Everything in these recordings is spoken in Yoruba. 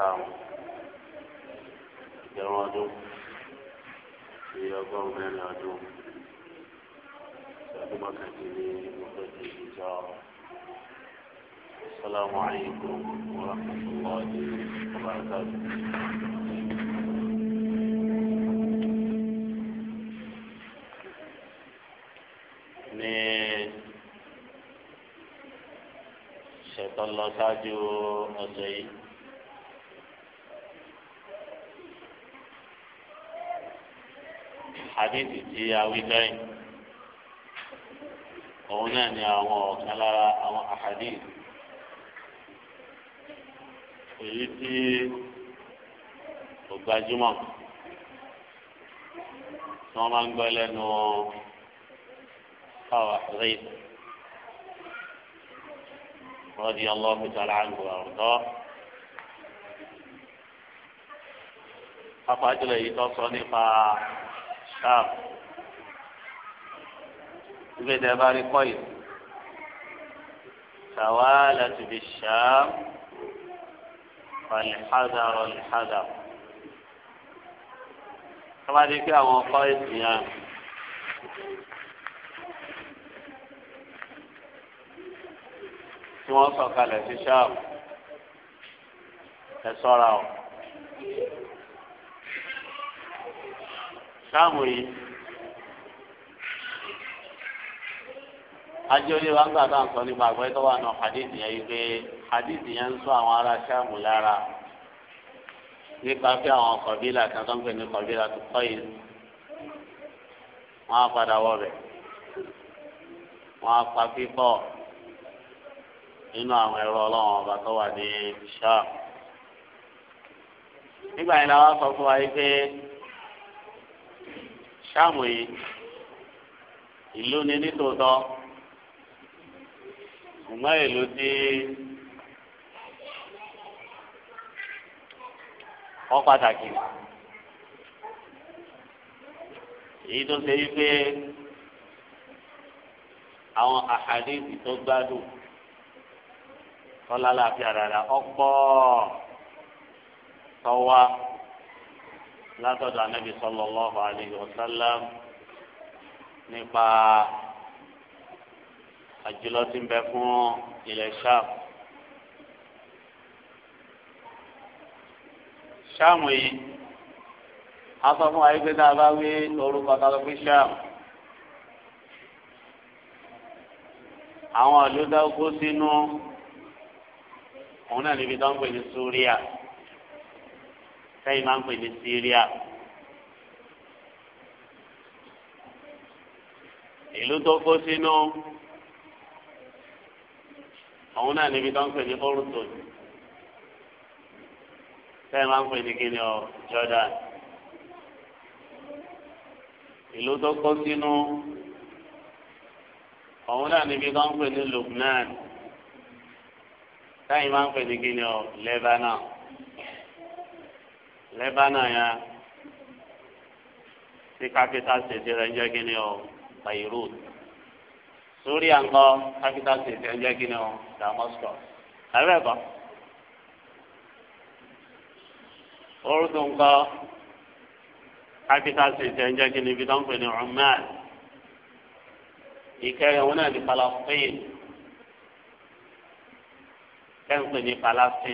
karùn-ún ìgbẹ̀rún ọdún sí ọgọ́rùn-ún mẹ́rin ọdún sí ọdún mọ́kàndínlé ọgọ́jì ìjọ السلام عليكم ورحمة الله وبركاته ní ṣètò lọ ṣáájú ọ̀sẹ̀ yìí àdéhùn tí a wí lẹ́yìn òun náà ni àwọn ọ̀kan lára àwọn àhàdíìsì èyí tí kò gbajúmọ̀ tí wọ́n máa ń gbọ́ lẹ́nu káwá rí rọ́dí ọlọ́ọ̀kú tààrà àgbò àrùtọ́. pápá jùlọ èyí tó sọ nípa ṣáà ibi tẹ bá rí kọ́ yìí ṣàwálà ti fi ṣáà ọ̀lẹ́hàdà ọ̀lẹ́hàdà tọ́mádé pé àwọn ọkọ̀ èsì tí wọ́n sọ̀kalẹ̀ sí ṣáà ẹ sọ́ra o sáàmù yìí ajé olè wa ń gbà tán sọ nípa àgbẹ̀ tó wà náà hadith yẹn yìí pé hadith yẹn ń sọ àwọn ará sáàmù lára nípa pé àwọn kọ̀bílà kan tó ń pè ní kọ̀bílà tó kọ́ yìí wọ́n á padà wọ̀ bẹ̀ wọ́n á pa pípọ̀ nínú àwọn ẹ̀rọ ọlọ́run ọba tó wà ní sáàmù nígbà yẹn la wá sọ fún wa yìí pé ṣáàmù yìí ìlú ni nítòótọ́ ṣùgbọ́n ìlú tí wọ́n pàtàkì èyí tó ṣe wípé àwọn àhàdìsì tó gbádùn tọ́lá láàfin àràrà ọ̀pọ̀ tọ́wá látọ̀dọ̀ anábì sallallahu alayhi wa sallam nípa àjùlọ tí ń bẹ fún ilẹ̀ Ṣáàm. Ṣáàmù yìí a sọ fún wa yìí pé tá a bá wí orúkọ tá a lọ fún Ṣáàmù. àwọn ìlú dáwọ́ kó sínú òun náà níbi tó ń pè ní Súríà sẹ́yìn máa ń pè ní Syria ìlú tó kó sínú òun náà níbi tó ń pè ní orúntò sẹ́yìn máa ń pè ní kíni ọ Jordan ìlú tó kó sínú òun náà níbi tó ń pè ní Lubnan sẹ́yìn máa ń pè ní kíni ọ Lebanon lẹ́bánà ya, tí kápítà ṣèṣe rẹ̀ ń jẹ́ kí ni ọ Beirut sórí àǹkọ́ kápítà ṣèṣe rẹ̀ ń jẹ́ kí ni ọ Damascus ẹ̀rẹ́ kọ́ orúkọ ńkọ́ kápítà ṣèṣe rẹ̀ ń jẹ́ kí ni ibi tó ń pè ní Oman ìkẹyìn wọn náà ní Palestine kẹ́ ń pè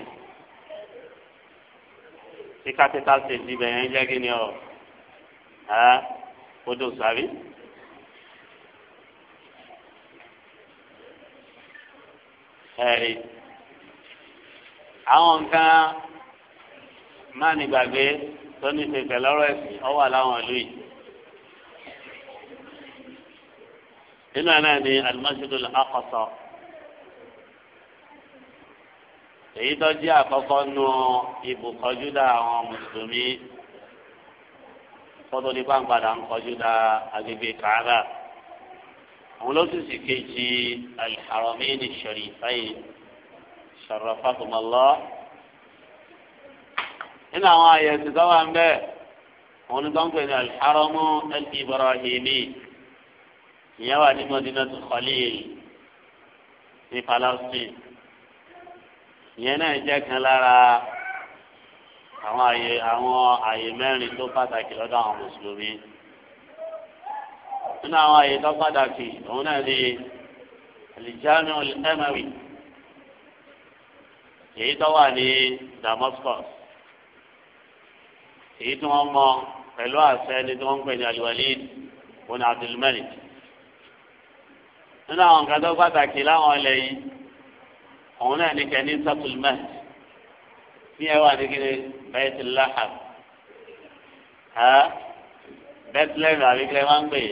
tí capital state ibẹ̀ yẹn jẹ́ kí ni ọ odò sàbí. ẹ̀rí àwọn nǹkan má nígbàgbé tó ní ṣe pẹ̀lú ọ̀rọ̀ ẹ̀sìn ọ wà láwọn ìlú yìí. nínú ẹ̀ náà ni al-Masjid èyí tó jẹ́ àkọ́kọ́ nu ibùkọjú dá àwọn mùsùlùmí fọ́tò ní pàǹpadà ń kọjú dá agbègbè Kaaba àwọn olóṣìṣì kejì al-Haramayn al-Sharifayn sharrafahumullah nínú àwọn àyẹ̀sì tó wà ń bẹ̀ àwọn onígbàǹpẹ̀ ní al-Haramu ibrahimi ìyẹn wà ní Madinatul Khalil ní Palestine ìyẹn náà jẹ́ kan lára àwọn àyè àwọn àyè mẹ́rin tó pàtàkì lọ́dọ̀ àwọn mùsùlùmí nínú àwọn àyè tó pàtàkì òun náà ni alijami olùtẹ́mẹ̀wì èyí tó wà ní Damascus èyí tí wọ́n mọ pẹ̀lú àṣẹ ẹni tí wọ́n ń pè ní Al-Walid ibn nínú àwọn nǹkan tó pàtàkì láwọn ilẹ̀ yìí òun náà ní kẹ́ni sátúlmẹ́t ní ẹ wà ní kíni bẹ́ẹ̀tì láhàm ha bẹ́tìlẹ́mì àbí kílẹ̀ máa ń gbè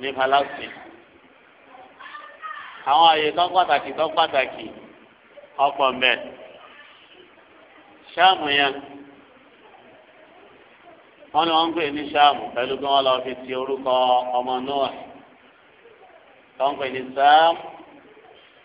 ní palestine àwọn àyè tó pàtàkì tó pàtàkì ọ̀pọ̀ mbẹ́ sáàmù yẹn wọ́n ní wọ́n ń gbè ní sáàmù pẹ̀lú bí wọ́n lọ fi ti orúkọ ọmọ noah tó ń gbè ní sáàmù.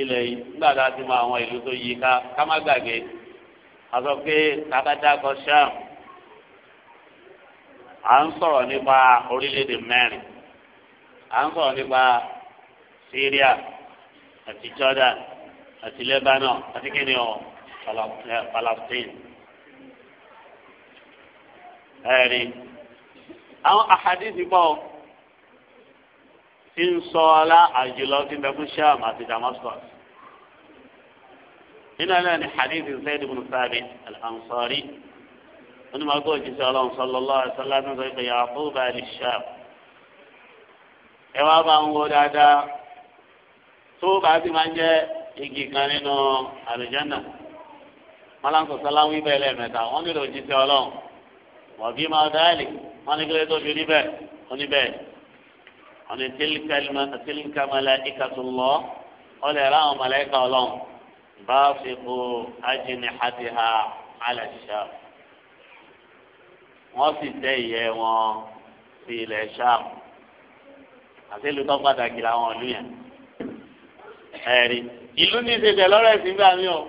ilẹ̀ yìí nígbà tá a ti mọ àwọn ìlú tó yí ká ká má gbàgbé a sọ pé kábàdàkọ sham à ń sọ̀rọ̀ nípa orílẹ̀-èdè mẹ́rin à ń sọ̀rọ̀ nípa Syria àti Jordan àti Lebanon àti kíni ọ Palestine ẹ̀rí àwọn àhàdìsí pọ̀. tí ń sọ ọlá àjùlọ tí bẹ fún sham àti damascus nínú ẹlẹ́yìn ní hadith zayd ibn thabit al-ansari wọn ni wọn kó òjíṣẹ́ ọlọ́run sallallahu alaihi wasallam ní sọ pé yaquba ní sham ẹ wá bá ń wo dáadáa tó bá ti máa ń jẹ igi kan nínú àlùjánnà wọn láǹkó sáláwí bẹ́ẹ̀ lẹ́ẹ̀mẹ́ta wọn nílò òjíṣẹ́ ọlọ́run wọ́n bí máa dáàlì wọn ní kílódé tó fi rí bẹ́ẹ̀ ó ní bẹ́ẹ̀ ọ̀nà tìlíkà màláìkà tó lọ ọ̀nà ẹ̀rọ àwọn màláìkà ọlọ́run bá fi kó ajínì àti ha aláṣà wọ́n sì tẹ́ ìyẹ́ wọn sí ilẹ̀ sáà àti ìlú tó pàtàkì làwọn ọ̀lú yẹn ẹ̀rí ìlú ní ìṣe lọ́rọ̀ ẹ̀sìn gbà mí o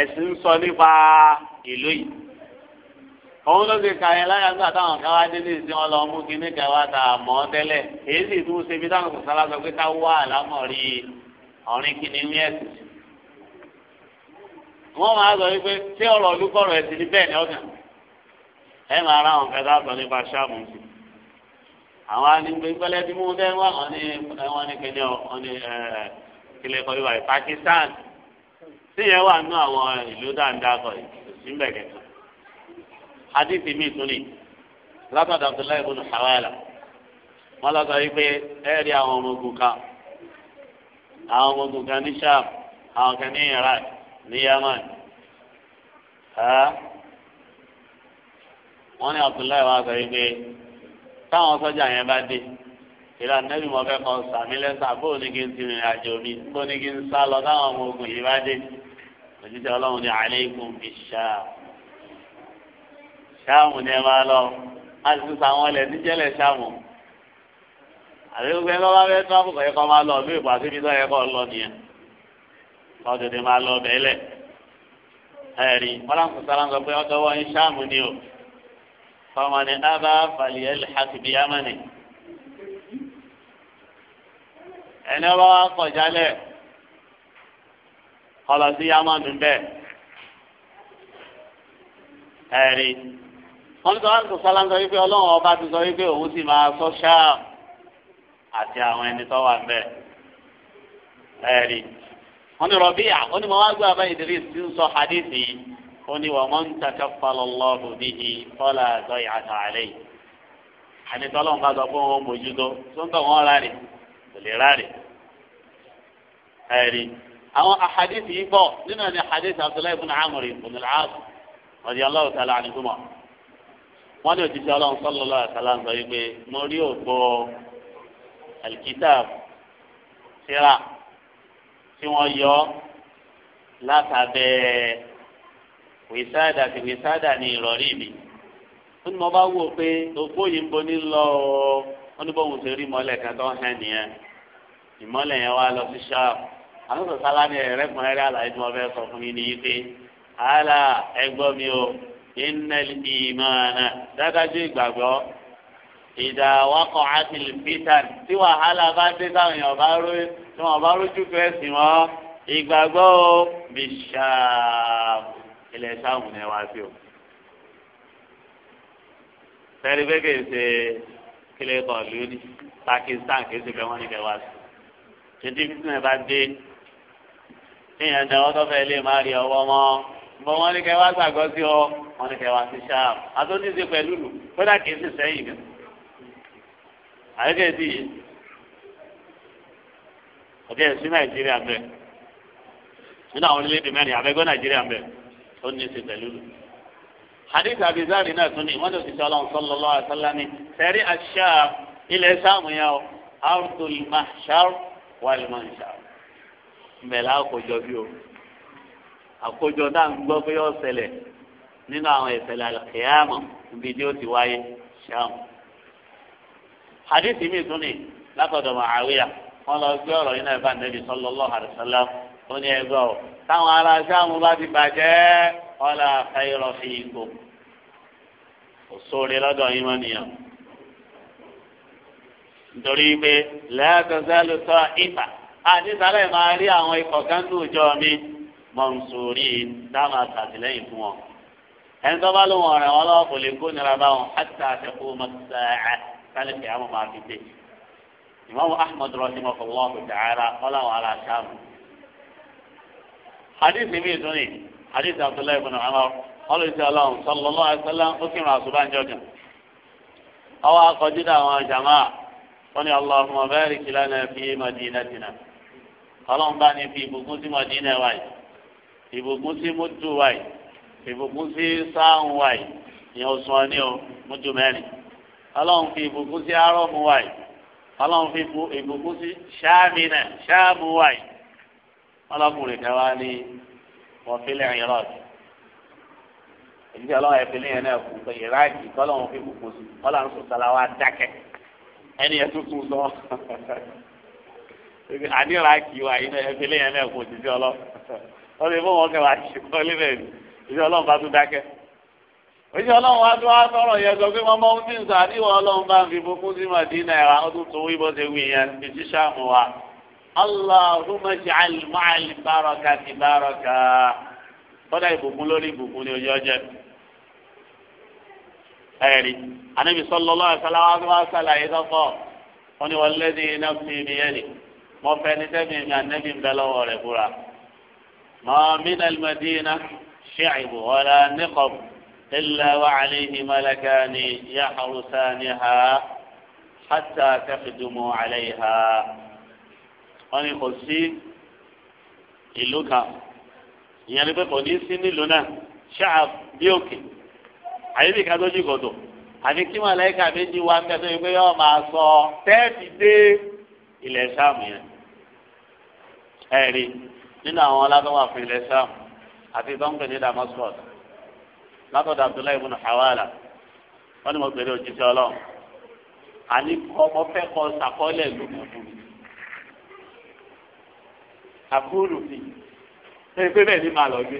ẹ̀sìn sọ nípa ìlú yìí òun ló ṣe kàyẹn láyà nígbà táwọn kan wá délé tí wọn lọ mú kinní kan wá ta mọ tẹ́lẹ̀ èyí sì tún ṣe bí táwọn kò sára sọ pé ká wá àlámọ̀rí ọ̀rìn kinní ní ẹ̀sìn. wọn máa sọ wípé ṣé ọ̀rọ̀ olúkọ̀rọ̀ ẹ̀sìn ní bẹ́ẹ̀ ni ọkàn ẹ máa ra àwọn kẹta sọ nípa ṣáàmù sí. àwọn anigbe pẹlẹ tí mo dẹ wá wọn ní wọn ní hadithi mi tún ni látọ̀dọ̀ abdullahi ibn hawala wọn lọ sọ wípé ẹ rí àwọn ọmọ ogun kan àwọn ọmọ ogun kan ní sham àwọn kan abdullahi wa sọ wípé táwọn sọ́jà yẹn bá dé ìlà nẹ́bí mo fẹ́ kọ́ sàmí lẹ́sà bóun ní kí n ti rìnrìn àjò mi bóun ní kí n sá lọ táwọn ọmọ ogun yìí bá dé òjijì ọlọ́run ní alaykum bish-sham ṣáàmù ni ẹ máa lọ a sì tún sàwọn ilẹ̀ níjẹ́lẹ̀ ṣáàmù àti gbogbo ẹgbẹ́ wa fẹ́ tún àbùkù yẹ kọ́ máa lọ bí ìgbà síbi tó yẹ kọ́ lọ nìyẹn kọ́ tètè máa lọ bẹ́ẹ̀lẹ̀ ẹ̀rí fọláǹkù sàlánsọ pé ọjọ́ wọ́n ń ṣáàmù ni o fọmọ ni ábá fàlìyẹ́lì hàkìbí yámánì ẹni ọba wa kọjá lẹ̀ kọlọ sí yámánì bẹ́ẹ̀ wọ́n sọ wọ́n sọ sọ́lá ń sọ wípé ọlọ́run ọba ti sọ wípé òun sì máa sọ ṣáàm àti àwọn ẹni tó wà mbẹ ẹ̀rí wọ́n ní rọ̀bíà ó ní mo wá gbé abá Idris tí ń sọ hadithi yìí ó ní wọ́n mọ́n takẹ́ falọ́lọ́ọ̀bù níhi kọ́lá àtọ́ ìyàtọ̀ àlẹ́ yìí àti tọ́lọ́run bá sọ fún òun mójútó tó ń tọ̀ wọ́n rárẹ̀ kò lè rárẹ̀ ẹ̀rí àwọn ahadithi yìí bọ̀ nínú ẹni ahadithi Abdullahi wọ́n ní òjijì ọlọ́run sọ́lọ́lá àkàlà ń sọ yìí pé mo rí ògbó alikitab síra tí wọ́n yọ látàbẹ́ wìsáàdà sí wìsáàdà ní ìrọ̀rí mi ó ní mo bá wò pé ògbó yìí ń bo ní lọ ọ́ wọ́n ní bóun ṣe rí mọ́lẹ̀ kan tó ń hẹ́ nìyẹn ìmọ́lẹ̀ yẹn wá lọ sí ṣáàpù àwọn sọ̀tà lámì ẹ̀rẹ́kùnrin rẹ̀ àlàyé tí wọ́n fẹ́ sọ fún mi ní yí pé àhálà ẹgbọ́n mi o ìnẹ̀lì ìmọ̀ọ́nà dájú ìgbàgbọ́ ìdá awakọ̀ àti lìpítàn tí wàhálà bá dé táwọn èèyàn bá rú tí wọn bá rújú fẹ́ sí wọn ìgbàgbọ́ o bí ṣáàmù ilẹ̀ ṣáàmù ni wàá sí o. sẹ́ni pé kìí ṣe kílẹ̀ kan lónìí Pakistan kìí ṣe pé wọ́n ní kẹ́ wá sí. títí fífi náà bá dé téèyàn náà wọ́n tó fẹ́ lè má rí ọwọ́ mọ́ mọ wọn ní kẹ wá gbàgbọ́ sí ọ wọn ní kẹ wá sí ṣáà àtúntìsí pẹ̀lú lù kódà kìí sì sẹ́yìn gan àyẹ̀kẹ́ sí yìí ọ̀dẹ́ ẹ̀sìn nàìjíríà bẹ́ẹ̀ nínú àwọn orílẹ̀-èdè mẹ́rin àbẹ́gbẹ́ nàìjíríà bẹ́ẹ̀ ó ní í ṣe pẹ̀lú lù hadith abizari náà tún ní wọn lòdì sí Ọlọ́run sọlọlọ àṣálàmì sẹrí àṣà ilẹ̀ sáàmù yẹn o ardul mahshar wal manshar mbẹlẹ àkójọ bí o àkójọ náà ń gbọ́ pé yóò ṣẹlẹ̀ nínú àwọn ìṣẹ̀lẹ̀ àlùkìyàmọ̀ níbi tí ó ti wáyé ṣáà. hadith mi tún ni látọ̀dọ̀ màáwíyà wọn lọ gbé ọ̀rọ̀ yìí náà bá nẹ́bí sallallahu alaihi wasallam ó ní ẹgbẹ́ ọ̀ táwọn ará ṣáàmù bá ti bàjẹ́ ọ̀là khayra fiikum òṣòrè lọ́dọ̀ yín wọ́n nìyàn. nítorí pé la tazalu ta'ifa àti sálẹ̀ máa rí àwọn ikọ̀ kan tó jọ mi mọ̀nsórí dáhùn àtàtìlẹ́yìn fún wọn. ẹni tó bá lóun ọ̀rẹ́ wọn lọ́wọ́ kò lè kó nira bá wọn àti àtẹ̀kù mọ̀sáà kálí kìí àwọn máa fi dé. ìmọ̀mù ahmed rọ́ọ̀sì mọ̀kàn lọ́wọ́ kò dàára ọláwọ̀ ara sáàmù. hadith mi tún ni hadith abdullahi ibn umar ọlọ́sẹ̀ ọlọ́run sọlọ́lọ́ àṣẹlá ó kí wọn àṣùbá jọjọ. ọwọ́ akọjú dá àwọn wọn ni ọlọ́run bá ní fi ibùkún sí madina wáyé ìbùkún sí mútu wáyì ìbùkún sí sáhùn wáyì ìyẹn oṣù ọ̀ní o mútu mẹ́rin ọlọ́run fi ìbùkún sí arọ́mù wáyì ọlọ́run fi ìbùkún sí ṣáàmì náà ṣáàmù wáyì ọlọ́kùnrin kan wá ní wọ́n fi lẹ́yìn rọ́ọ̀tì èyí ọlọ́run ẹ̀fẹ́ lẹ́yìn náà kù pé ìráàkì kọ́lọ́run fi bùkún sí ọlọ́run sọ̀tà la wá dákẹ́ ẹni ẹ̀ tuntun sọ àní ìráàkì wa ẹ̀fẹ́ lẹ́yìn náà kù òjijì ọlọ́run. wọ́n lè fún wọn kẹ́ wàá ṣe kọ́ lébẹ̀ ni ìṣe ọlọ́run bá tún dákẹ́. òṣìṣẹ́ ọlọ́run wá tún wá sọ̀rọ̀ yẹn sọ pé wọ́n mọ ohun tí ń sọ àníwọ̀ ọlọ́run bá ń fi bókún sí màdínà ẹ̀rá ó tún tún wíbọ̀ ṣe wí yẹn ní ṣíṣàmù wa. Allahumma ij'al ma'al barakati baraka kọ́dà ìbùkún lórí ìbùkún ni ojú ọjọ́ ẹ̀rí anábì sallallahu lọ́wọ́ rẹ̀ ما من المدينة شعب ولا نقب إلا وعليه ملكان يحرسانها حتى تخدموا عليها wọ́n ní kò sí ìlú kan ìyẹn ni pé kò ní sí nílùú náà ṣáà bí òkè àyíbí kan tó jí kòtò àti kí màláìka méjì wá ń tẹ́tọ́ pé yóò máa sọ tẹ́ẹ̀tì dé ilẹ̀ sáàmù yẹn ẹ̀rí nínú àwọn alágbàwà fún ilẹ̀ sam àti bọ́ǹkì ní damascus látọ̀dọ̀ abdullahi ibùn hawala wọ́n ní mo gbèrè òjijì ọlọ́run àní ọmọ fẹ́ kọ sàkọ́lẹ̀ lùkùkù àbúrò mi ṣé pé bẹ́ẹ̀ ni màá lọ gbé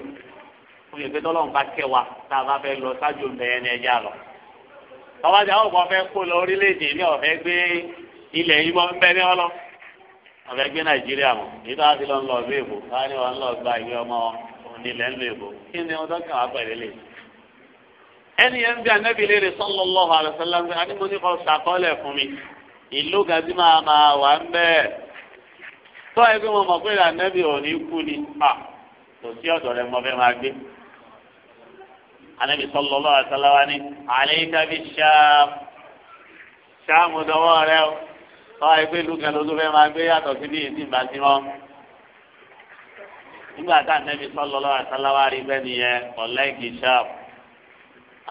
mo yẹ pé tọ́lọ́run bá kẹ́ wa tá a bá fẹ́ lọ sájú mẹ́rin ẹja lọ tọ́wájà ọ̀gbọ́n fẹ́ kó lọ orílẹ̀-èdè ní ọ̀fẹ́ gbé ilẹ̀ yìí mọ́ ń bẹ́ ní ọlọ́run ọ̀fẹ́ gbé nàìjíríà mọ̀ èyí tó á ti lọ ń lọ ìlú èbó ká ní wọn lọ gba ìwé ọmọ onílẹ̀ ńlú èbó kí ni wọn dọ́kàn wá pẹ̀lú lè. ẹni yẹn bí anábì léèrè sallallahu alaihi wasallam anímọ́ni kan ṣàkọọ́lẹ̀ fún mi ìlú gàdí máa máa wà ń bẹ́ẹ̀. tọ́ ẹgbẹ́ wọn mọ̀ pé anábì ò ní kú ni kò sí ọ̀dọ̀ rẹ mọ́ fẹ́ máa gbé. anábì sallallahu alaihi wasallam ni àlẹ́ tọ́wọ́ ẹgbẹ́ ìlú kan lóṣù fẹ́ máa gbé yàtọ̀ sí bí èsì ìgbà tí wọ́n. nígbà tá ànẹ́bí sallallahu alaihi wasallam rí bẹ́ẹ̀ nìyẹn ọ̀lẹ́gì sharp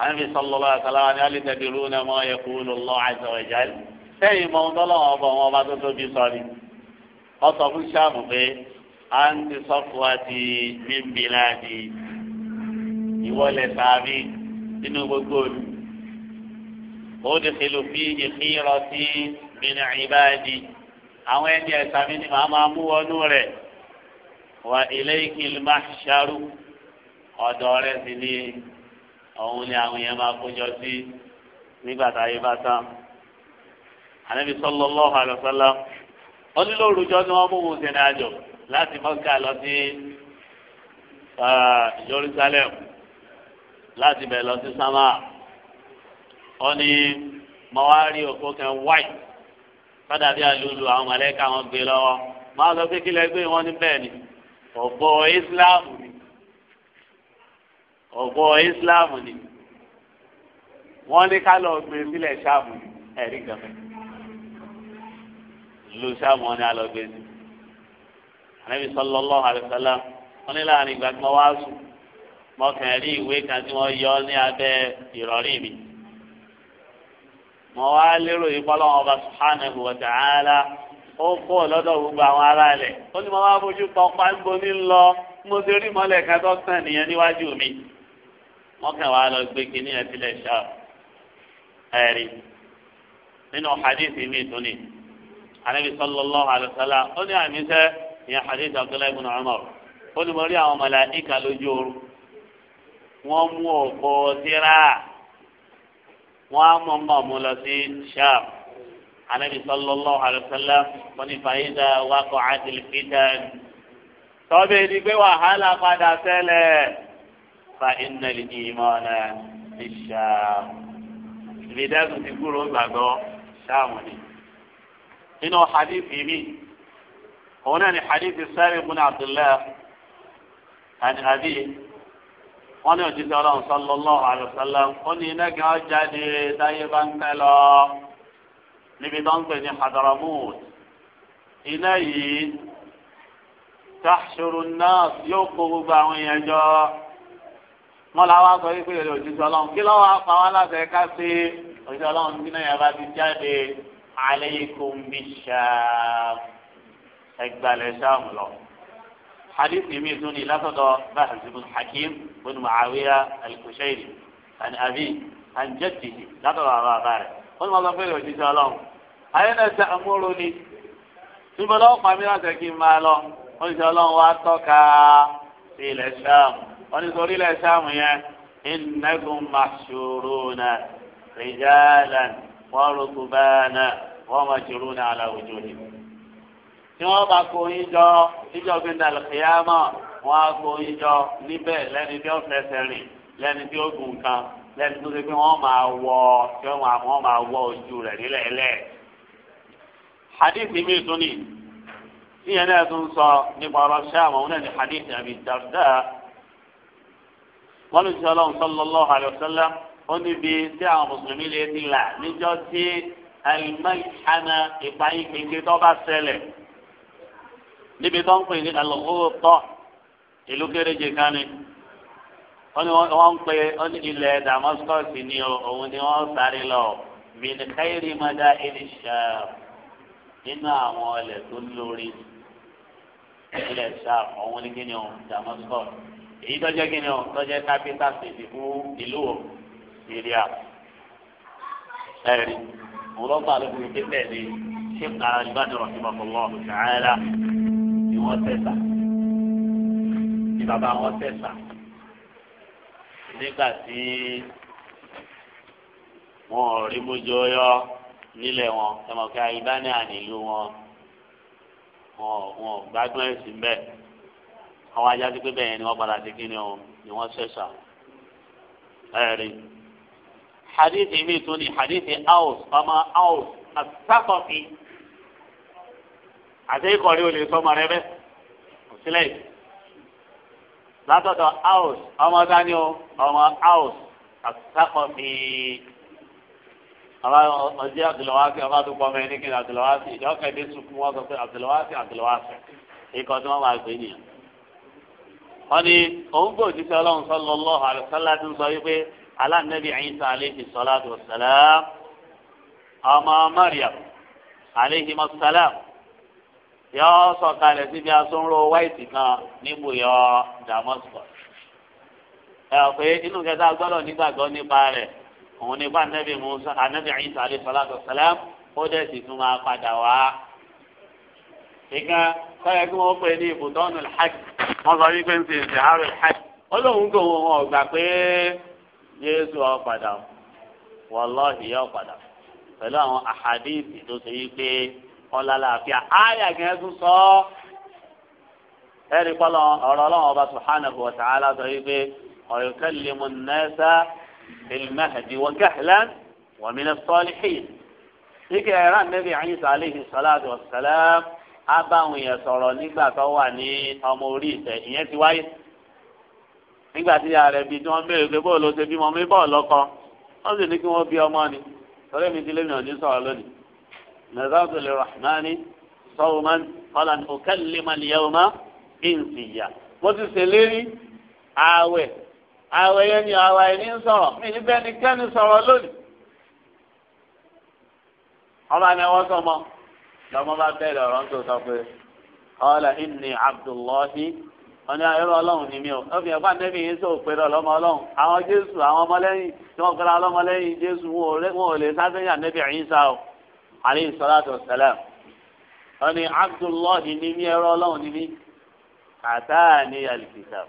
ànẹ́bí sallallahu alaihi wasallam ni alitadiruna ma yaqulu Allah azza wa jalla sẹ́yìn mọ ohun tọ́lọ́wọ́ di ìwọlẹ̀ sàmì nínú gbogbo ti min ibadi àwọn ẹni ẹ̀sà mi ni màá máa mú wọnú rẹ̀ wa ilaykil mahsharu ọ̀dọ̀ rẹ̀ sì ni òun ni àwọn yẹn máa kójọ sí nígbà tá a yé bá tán. ànábi sallallahu alaihi wasallam wọ́n ní lórúkọ ni wọ́n mú un sẹ́ni àjò láti mọ́kà lọ sí Jerusalem láti bẹ̀ lọ sí sámà wọ́n ní mọ́wárí òkú kan wáyé kọ́dà bí alulu àwọn mọ̀lẹ́kà wọn gbé lọ́wọ́ máa lọ pé kí lẹ gbé wọn ní bẹ́ẹ̀ ni ọ̀bọ islam ni ọ̀bọ islam ni wọ́n ní ká lọ gbé sílẹ̀ sáàmù ni ẹ̀rí gàmẹ́ lu sáàmù wọn ni a lọ gbé sí anabi sallallahu alaihi wasallam wọn ní láàrin ìgbà wá sùn mọkàn ìwé kan tí wọn yọ ní abẹ́ ìrọ̀rí mi mọ̀ wá lérò yìí kọ́ lọ́wọ́ ọba subhanahu wa ta'ala ó kó lọ́dọ̀ gbogbo àwọn ará rẹ̀ ó ní mo máa fojú pa ọpá ń bo ní lọ mo ti rí mọ́lẹ̀ ká tó sàn nìyẹn níwájú mi wọ́n kàn wá lọ gbé kínní ẹ̀ tilẹ̀ ṣá ẹ̀rí nínú hadithi mi tún ni anabi sallallahu alayhi ó ní àmì sẹ́ ìyẹn hadith abdullahi ibn umar ó ní mo rí àwọn màláíkà lójú oorun mú ọ̀pọ̀ síra wọn á mọ̀ mọ̀ mú lọ sí sham anabi sallallahu alayhi wa sallam wọn ní fàyídà wákò àdìlfitàn tọ́bẹ̀ ni pé wàhálà padà ṣẹlẹ̀ fa iná lìdí ìmọ̀ọ́nà ní sham ìbídẹ́sùn ti kúrò gbàgbọ́ sham ni inú hadithi mi òun náà ni hadithi sáré ibn abdullah àti abiy wọ́n ní òjijì ọlọ́run sallallahu alaihi wasallam ó ní iná kí wọ́n jáde táyé bá ń tẹ́ lọ níbi tó ń pè ní Hadramut iná yìí tahshuru an-nas yóò kó gbogbo àwọn èèyàn jọ wọ́n la wá sọ wípé èrè ọlọ́run kí lọ́wọ́ apá wa láti sí òjijì ọlọ́run tí náà yẹn bá ti jáde alaykum bish-sham ẹgbàlẹ̀ sáàmù lọ. حديث يمين دون لا تضع بحث بن حكيم بن معاوية الكشيري عن أبي عن جده لا تضع بارك قل ما الله فيه وجزاه الله أين تأمرني ثم لو قامنا تكيم ما لهم وجزاه الله واتقى في الإسلام ونزور إلى الإسلام إنكم محشورون رجالا وركبانا ومجرون على وجوههم tí wọ́n bá kó yín jọ níjọ́ bí nàlùkìyàmọ̀ wọ́n á kó yín jọ níbẹ̀ lẹ́ni tí ó fẹsẹ̀ rìn lẹ́ni tí ó gùn kan lẹ́ni tó ṣe pé wọ́n máa wọ tí wọ́n máa wọ ojú rẹ̀ nílẹ̀ lẹ̀. hadith mi tún ni ìyẹn náà tún sọ nípa ọ̀rọ̀ ṣáàmù òun náà ni hadith àbí dàrdà wọ́n lè ṣe ọlọ́run sallallahu alaihi wasallam ó níbi tí àwọn mùsùlùmí lè ti là níjọ́ tí àìmọ́ ìhànà ìpayín kékeré tó bá ṣẹlẹ̀ níbi tó ń pè ní alòkóòtọ́ ìlú kéréje kan ni wọ́n ní wọ́n ń pè wọ́n ní ilẹ̀ Damascus ni òun ni wọ́n sáré lọ mìnkáìrì mọ́dá ìlíṣà nínú àwọn ọlẹ̀ tó lórí ilẹ̀ ṣá òun ni kí ni o Damascus èyí tọ́jẹ́ kí ni o tọ́jẹ́ capital city fún ìlú o Syria ẹ̀rí òun lọ́pàá ló fi dé bẹ́ẹ̀ ni ṣé àlùbádùn sí bàbá wọn ọ̀hún ṣàlàyé wọn tẹ̀sà ni bàbá wọn tẹ̀sà nígbà tí wọn ò rí mójú ọyọ nílẹ̀ wọn ẹ̀mọ̀kí àyíbáni ànílù wọn wọn ò gbádùn ẹ̀sìn bẹ́ẹ̀ àwọn ajá ti pé bẹ́ẹ̀ ni wọ́n padà sí kí ni o ni wọ́n ṣẹ̀ṣà ẹ̀rí. hadithi mi tún ni hadithi Aws ọmọ Aws as-Saqafi àti ìkọ̀rí olè sọmọ rẹ bẹ́ẹ̀ kò sílẹ̀ yìí látọ̀dọ̀ house ọmọ dání o ọmọ house àtàkọ̀bí ọjọ́ àdìlọ́wásí ọmọ àdúgbò ọmọ ẹni kìnnì àdìlọ́wásí ìjọkẹ́ dé sùkú wọn sọ pé àdìlọ́wásí àdìlọ́wásí ikọ̀ tí wọ́n máa gbé nìyẹn. wọ́n ní òun gbọ́ òjíṣẹ́ ọlọ́run sallallahu alaihi wasallam ti ń sọ wípé aláǹdẹ́bí Ìsá alayhi salatu wassalam ọmọ Maryam alayhi mọ́sálàmù yọọ sọ̀kalẹ̀ síbi asọ̀nrò wáìtì kan níbùyọ Damascus ẹ ọ pé inú kẹta gbọ́dọ̀ nígbàgbọ́ nípa rẹ̀ òun anabi Musa anabi Isa alayhi salam ó dẹ̀ sì tún máa padà wá. ìkan sọ́yẹ́ kí wọ́n pè ní ibùdókòwò alhaj wọ́n sọ wípé ń ti ìsìnkú alhaj ó lóun kò wọ́n pé Jésù ó padà wọ́lọ́ọ̀hì padà pẹ̀lú àwọn tó ṣe ọ̀làlàáfíà áyà gẹ́gẹ́ tún sọ ọ́ ẹ̀rí pọ́lọ́ ọ̀rọ̀ ọlọ́run ọba subhanahu wa ta'ala sọ yìí pé ọ̀yọ̀kẹ́lẹ́mu nẹ́ẹ̀sà ìlmẹ́hẹ̀dì wọ́n kẹ́hìlẹ́n wọ́n mi ní sọ́ọ́lìhìn. Ike ẹ̀rọ ànẹ́bí Ayísà aléhi sọ́láàdù ọ̀sẹ̀lẹ́m á bá àwọn èèyàn sọ̀rọ̀ nígbà tó wà ní ọmọ orí ìtẹ̀ ìyẹn ti wáyé. Nígbà tí ara ẹbí tí wọ́n béèrè pé bóòlù ó ṣe bímọ mi bọ́ọ̀ lọ́kọ. Wọ́n sì ní kí wọ́n bí ọmọ ni. Torí mi ti lé mi ò ní sọ̀rọ̀ lónìí. نذرت للرحمن صوما فلن أكلم اليوم إنسيا وتسليني آوي آوي يعني آوي ننصر من بين كان صار لوني ọba ni wọ́n sọmọ lọ́mọ bá bẹ̀rẹ̀ ọ̀rọ̀ tó sọ pé ọ̀la ìní abdullahi ọ̀nà ẹ̀rọ ọlọ́run ni mí o ó fi ẹ̀fọ́ àtẹ́bí yìí sọ pé ọlọ́mọ ọlọ́run àwọn jésù àwọn ọmọlẹ́yìn tí wọ́n pẹ́ra ọlọ́mọlẹ́yìn jésù wọn ò lè sáfẹ́yìn àtẹ́bí yìí sá o alayhi salatu wa salam wọ́n ní abdullahi ní ní ẹ̀rọ ọlọ́run ní ní àtàní alkitab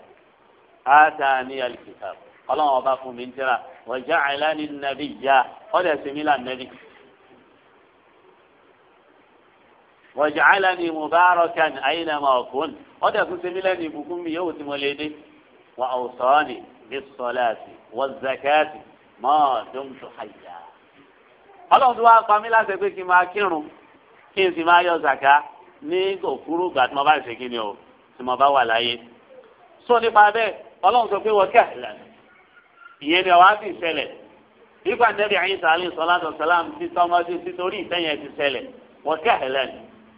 àtàní alkitab ọlọ́run ọba fún mi ń tẹ́ra wa ja'alani nabiyya ọ̀dẹ̀ sí mi là nàbí. wa ja'alani mubarakan aynama kun ọ̀dẹ̀ tún sí mi lẹ́nu ìbùkún mi yóò ti mọ léde wa awsani bis salati waz zakati ma dumtu hayya ọlọ́run tó wá pa mí láti pé kí n máa kírun kí n sì máa yọ zàká ní òkúrú ìgbà tí mo bá ṣe kíni o tí mo bá wà láyé sọ nípa bẹ́ẹ̀ ọlọ́run sọ pé wọ́n kí àlà ìyẹn ni ọ̀wá sì ṣẹlẹ̀ nípa nẹ́bí àyíṣà alẹ́ sọláàtọ̀ sàlám ti tọ́mọdé títorí ìtẹ́yẹn ti ṣẹlẹ̀ wọ́n kí àlà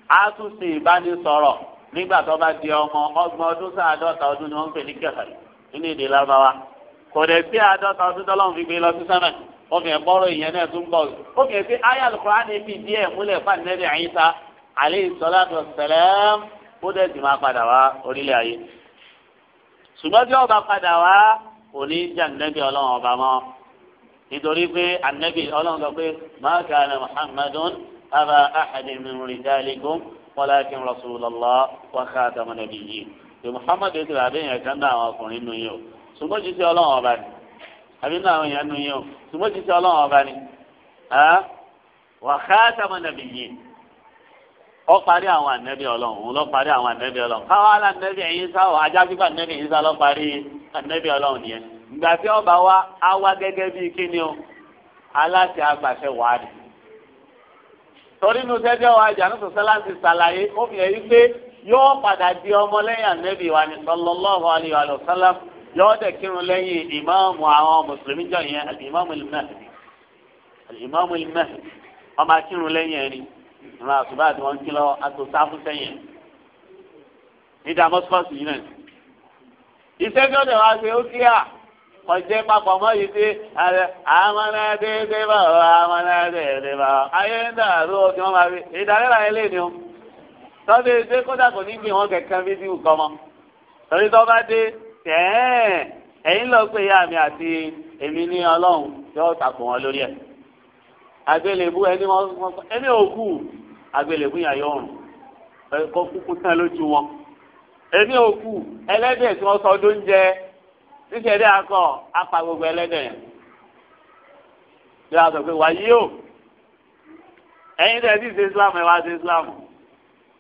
á tún sí ìbánisọ̀rọ̀ nígbà tó bá di ọmọ ọgbọ̀n ọdún sáàdọ́ta ọdún ni wọ́n ń pè ní obìnrin bọ́rọ̀ ìyẹn náà tún bọ̀ obìnrin pé ayé alukóra ni fi díẹ̀ múlẹ̀ fún ànẹ́bí àyíṣà alẹ́ ìsọlá tó sẹlẹ̀m ó dẹ̀ sì máa padà wá orílẹ̀ ayé ṣùgbọ́n tí ọba padà wá kò ní í ọlọ́run ọba mọ́ nítorí pé ànẹ́bí ọlọ́run sọ pé máa kà ní muhammadun aba ahadin min rijalikum walakin rasulullah wa khataman nabiyyin muhammadu ti rà bẹ́ẹ̀ yẹn kan náà àwọn ọkùnrin nù àbí nínú àwọn èèyàn nu yẹn o ṣùgbọ́n ti sọ ọlọ́run ọba ni wà khataman nabiyyin ó parí àwọn ànẹ́bí ọlọ́run òun ló parí àwọn ànẹ́bí ọlọ́run káwọn alá ànẹ́bí ẹ̀yìn sáwọ ajá fífà ànẹ́bí ẹ̀yìn sá ló parí ànẹ́bí ọlọ́run nìyẹn ìgbà tí ọba wa á wá gẹ́gẹ́ bíi kíni o aláṣẹ agbàṣẹ wàá ni torí inú sẹ́jọ́ wa jàǹdù sọ́sẹ́láǹsì ṣàlàyé ó fi hàn pé yóò padà di ọmọlẹ́yìn ànẹ́bí wa ni sallallahu yọọdẹ kírun lẹ́yìn ìmáàmù àwọn mùsùlùmí jọ yẹn alìmáàmù al-Mahdi alìmáàmù al-Mahdi ọmọ akírun lẹ́yìn ẹni ìran àtúbà àti wọn kí lọ àtòsáfù sẹ́yìn ní damascus yìí náà iṣẹ́ tí ó dẹ̀ wá ṣe ó kíá kọjá papọ̀ mọ́ yìí pé amánádéédé bá ọ amánádéédé bá ọ ayé ń dàrú ọ tí wọ́n máa fi ìdálẹ́lá ilé ni ó tọ́jú ẹgbẹ́ kódà kò ní gbìn wọn kẹ̀kẹ́ fídíò kọ́mọ torí tó bá dé tẹ́ẹ̀ ẹ̀yin lọ pé ìyá mi àti èmi ní ọlọ́run yóò takò wọn lórí ẹ̀ àgbélébú ẹni wọn ẹni òkú àgbélébú yà yọ ọrùn ẹ̀kọ́ kúkú tán lójú wọn ẹni òkú ẹlẹ́dẹ̀ tí wọ́n sọ ọdún jẹ níṣẹ́dẹ́ akọ apá gbogbo ẹlẹ́dẹ̀ yẹn bí a sọ pé wàyí o ẹ̀yin tẹ̀ sí ṣe Islam ẹ̀ wá ṣe Islam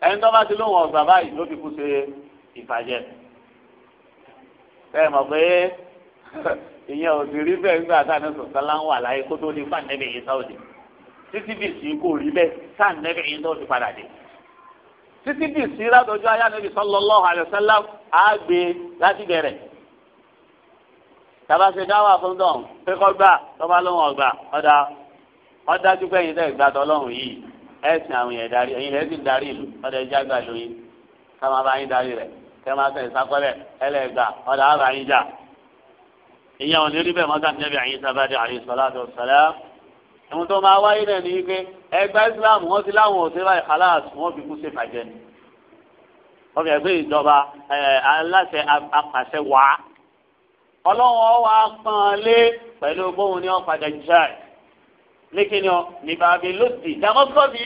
ẹ̀yin tó bá ti lóun ọ̀gbà báyìí ló fi kú ṣe ìfàjẹ́ ẹ mọ̀ pé ìyẹn ò sì rí bẹ́ẹ̀ nígbà tá a ní sọ̀tàn láwọn wà láyé kó tó ní fún ànẹ́bẹ̀ yìí sáwọ́dì títí bì sí kò rí bẹ́ẹ̀ tá ànẹ́bẹ̀ yìí náà ti padà dé títí bì sí látọjú ayé ànẹ́bẹ̀ sallallahu alaihi wasallam á gbé láti bẹ̀rẹ̀ tàbá ṣe dáwà fún dán pé kọ́ gbà tọ́ba lóhùn ọgbà ọ̀dà ọ̀dájú pé ẹ̀yin tẹ̀ gbà yìí ẹ̀sìn àwọn yẹn darí ẹ̀yin lẹ́sìn darí ìlú ọ̀dà ẹ̀já lóyún ká máa bá yín darí rẹ̀ kẹ́ máa fẹ́ ìsakọ́lẹ̀ ẹlẹ́gbà ọ̀dà àbá yín jà ìyá òní rí bẹ́ẹ̀ mọ́tà níbi àyín sábàdì àyín sọlá tó sọlá ìwọ̀n tó máa wáyé náà ní pé ẹgbẹ́ Islam wọ́n ti láwọn òṣè báyìí aláàs wọ́n fi kú sí fàjẹ́ ni wọ́n fi ẹgbẹ́ ìjọba aláṣẹ apàṣẹ wá ọlọ́wọ́n wá pọ́n lé pẹ̀lú bóun ni wọ́n padà jà ní kíni ọ ní bàbá lòdì dàmọ́sọ́ọ̀dì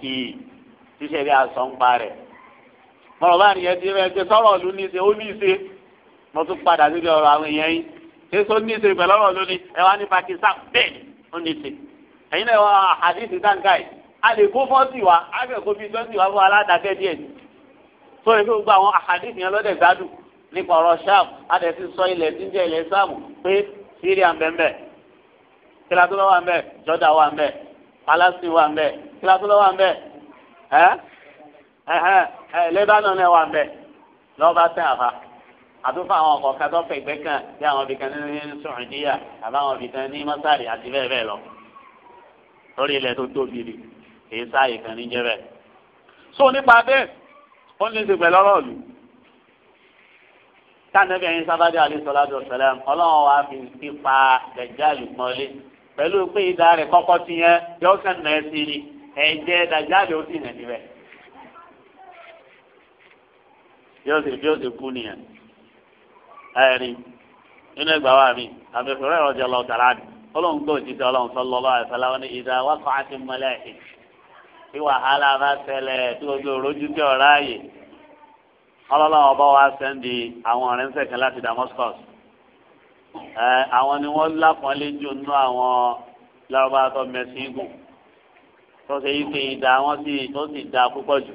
yìí ṣíṣe bí aṣọ ń pa rẹ̀ mọ̀rọ̀ bá nìyẹn ti rẹ̀ ṣe sọ̀rọ̀ ọ̀lú ní ṣe ó ní ṣe mo tún padà síbi ọ̀rọ̀ àwọn èèyàn yín ṣé tó ní ṣe pẹ̀lú ọ̀rọ̀ lónìí ẹ wá ní Pakistan bẹ́ẹ̀ ni ó ní ṣe ẹ̀yin náà wá àdìsí táǹkà yìí a lè kó fọ́ọ̀tì wa a lè kó bíi twenty wa fún aládàáfẹ́ díẹ̀ ni tó yẹ kó gbogbo àwọn àdìsí yẹn lọ́dẹ̀ gbádùn nípa ọ̀rọ̀ sáàmù adẹ̀ ti sọ ilẹ̀ tí ilẹ̀ sáàmù pé Syria ń bẹ ń bẹ kílátúlọ́ wà ń bẹ Jordan wà ń bẹ Palestine wà ń bẹ kílátúlọ́ ń bẹ ẹ ẹ ẹ lebanon náà wà lọba tẹ àfa àtúfà àwọn ọkọ kẹtọ fẹgbẹ kan bí àwọn ibìkan ní sọrìndíyà àbá àwọn ibìkan ní mọsáàrì àti bẹ́ẹ̀ bẹ́ẹ̀ lọ lórí ilẹ̀ tó tóbi rí èyí sáàyè kan ní jẹbẹ. so nípa bẹ́ẹ̀ ó ní í ṣe pẹ̀lú ọ̀rọ̀ ẹ̀yin sábàdé alayhisalaatu wasalaam ọlọ́run wa fi ipa dẹ̀jáàlù pọ́nlé pẹ̀lú pé ìdá rẹ̀ kọ́kọ́ ti yẹn yọ ẹ̀jẹ̀ dàjáde ó sì nà níbẹ̀ yóò sì bí ó sì kú nìyẹn ẹ̀rí nínú ẹgbà wa mi àbẹ̀fẹ̀rẹ̀ ìrọ̀jẹ̀ lọ tàrà ni ọlọ́run gbọ́ òjijì ọlọ́run sọlọ́ lọ́wọ́ àìsàlá wọn ni ìdá wákọ̀ àti mọ́lẹ̀ ẹ̀ tí wàhálà bá ṣẹlẹ̀ tí ojú òrojú tí ọ̀rá yìí ọlọ́run ọba wa sẹ́ndì àwọn ọ̀rẹ́ ń sẹ̀kẹ́ láti Damascus àwọn ni wọ́n lápọ̀nlé jù nínú àwọn lárúbáwá tó mẹ́sìn gùn tó ṣe ike ìdá wọn sì tó sì da púpọ̀ jù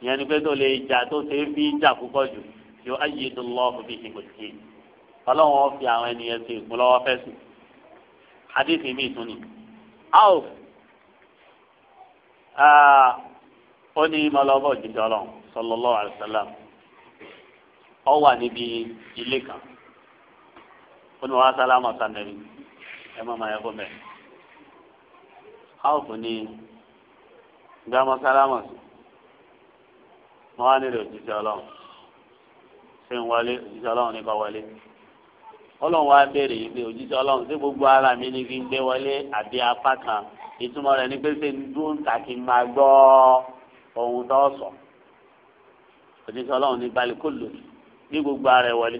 ìyẹn ni pé tó lè jà tó ṣe é fi jà púpọ̀ jù yóò ayé tó lọ́ fún bí ṣe kò sí i ọlọ́wọ́n fi àwọn ènìyàn ṣe ìpolówó fẹ́sùn hadithi mi tún ni. Aof ó ní mọlọ́bọ̀ jíjọ ọlọ́run sallallahu alaihi wasallam ọ wà níbi ilé kan ó ní wàá sálámà sanẹ́rì ẹ má máa yẹ fún mẹ́rin áwòfù ni gbàmọ́ sálámọ̀ sí wọ́n wá nílò òjíṣẹ́ ọlọ́run ṣé ń wọlé òjíṣẹ́ ọlọ́run ní kó wọlé ọlọ́run wá béèrè yìí pé òjíṣẹ́ ọlọ́run sí gbogbo ara mi ní kí n gbé wọlé àbí apá kan ìtumọ̀ rẹ̀ ní pé ṣe ń dún ta kí n máa gbọ́ ohun tó sọ òjíṣẹ́ ọlọ́run ní balikolo ní gbogbo ara ẹ̀ wọlé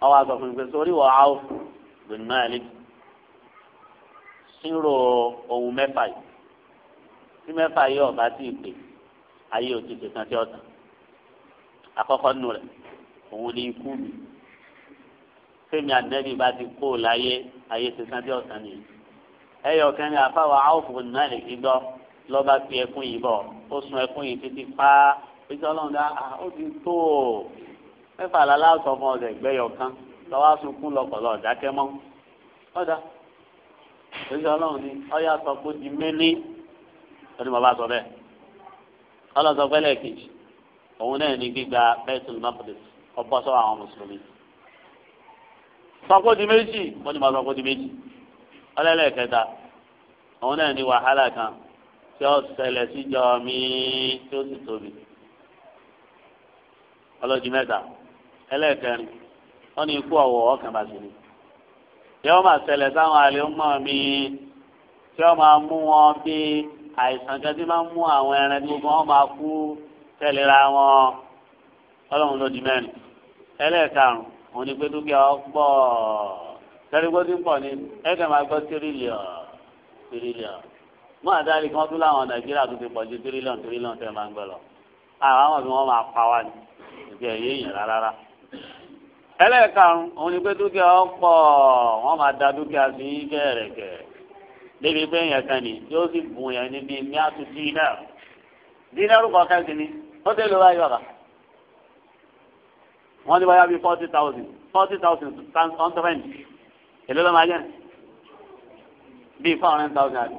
wọ́n wá sọ fún mi pé sórí wọ́n áwòfù gbẹ̀mí máa sírò ohun mẹ́fà yìí tí mẹ́fà yìí ọ̀bá sì pè ayé òtítì kan tí ó tàn àkọ́kọ́ nù rẹ̀ òun ni ikú mi fẹ́mi ànẹ́bí bá ti kó láyé ayé sísan tí ó tàn nìyí ẹyọ kẹrin àfáwọn áwòfù náà lè fi gbọ́ lọ́ba fi ẹkún yìí bọ̀ ó sun ẹkún yìí títí pa pété ọlọ́run dá ó ti tó o mẹ́fà làlá ọ̀sọ̀ fún ọ̀sẹ̀ gbẹ́yọ̀ kan lọ́wọ́ sunkún lọ́kọ̀ọ́ lọ́ọ̀dákẹ́mọ́ ọ̀dà lójú ọlọ́run ni ọyá sọ pé di mẹ́lí lórí bàbá sọ bẹ́ẹ̀ ọlọ́sọ pẹ́lẹ́ kejì òun náà ní gbígba Baitul Maqdis ọbọ̀ sọ àwọn mùsùlùmí sọ pé di méjì wọ́n ti máa sọ pé di méjì ọlẹ́lẹ́ kẹta òun náà ní wàhálà kan tí ó ṣẹlẹ̀ síjọ mi tí ó sì tóbi ọlọ́dún mẹ́ta ẹlẹ́ẹ̀kẹrin wọ́n ní ikú ọ̀wọ̀ ọ̀kan bá ti ní tí wọ́n máa ṣẹlẹ̀ sáwọn àlè ń mọ̀ mi tí wọ́n máa mú wọn bí àìsàn kan tí máa ń mú àwọn ẹran tí gbogbo wọn máa kú tẹ̀léra wọn ọlọ́run ló di mẹ́rin ẹlẹ́ẹ̀karùn òun ni pé dúkìá ọ̀pọ̀ tẹ́lifó ti ń pọ̀ ní ẹ̀kẹ́ máa gbọ́ tírílíọ̀n tírílíọ̀n mú àdáyé kan tún láwọn nàìjíríà tó ti pọ̀ ju tírílíọ̀n tírílíọ̀n tẹ́ máa ń gbọ́ lọ àwọn àwọn tí wọ́n máa pa wá ní ìgbẹ́ yéèyàn rárá ẹlẹ́ẹ̀karùn òun ni pé dúkìá ọ̀pọ̀ wọ́n máa da dúkìá sí bẹ́ẹ̀rẹ̀kẹ̀ débi pé yẹn kan ni yóò sì bùn yẹn níbi miatu dínà dínàrú kọ̀ọ̀kan sí ni ó dé lóra yọ̀ọ̀ra wọ́n ní báyà bíi forty thousand forty thousand times one seventy èló ló máa jẹ́ bíi four hundred thousand àti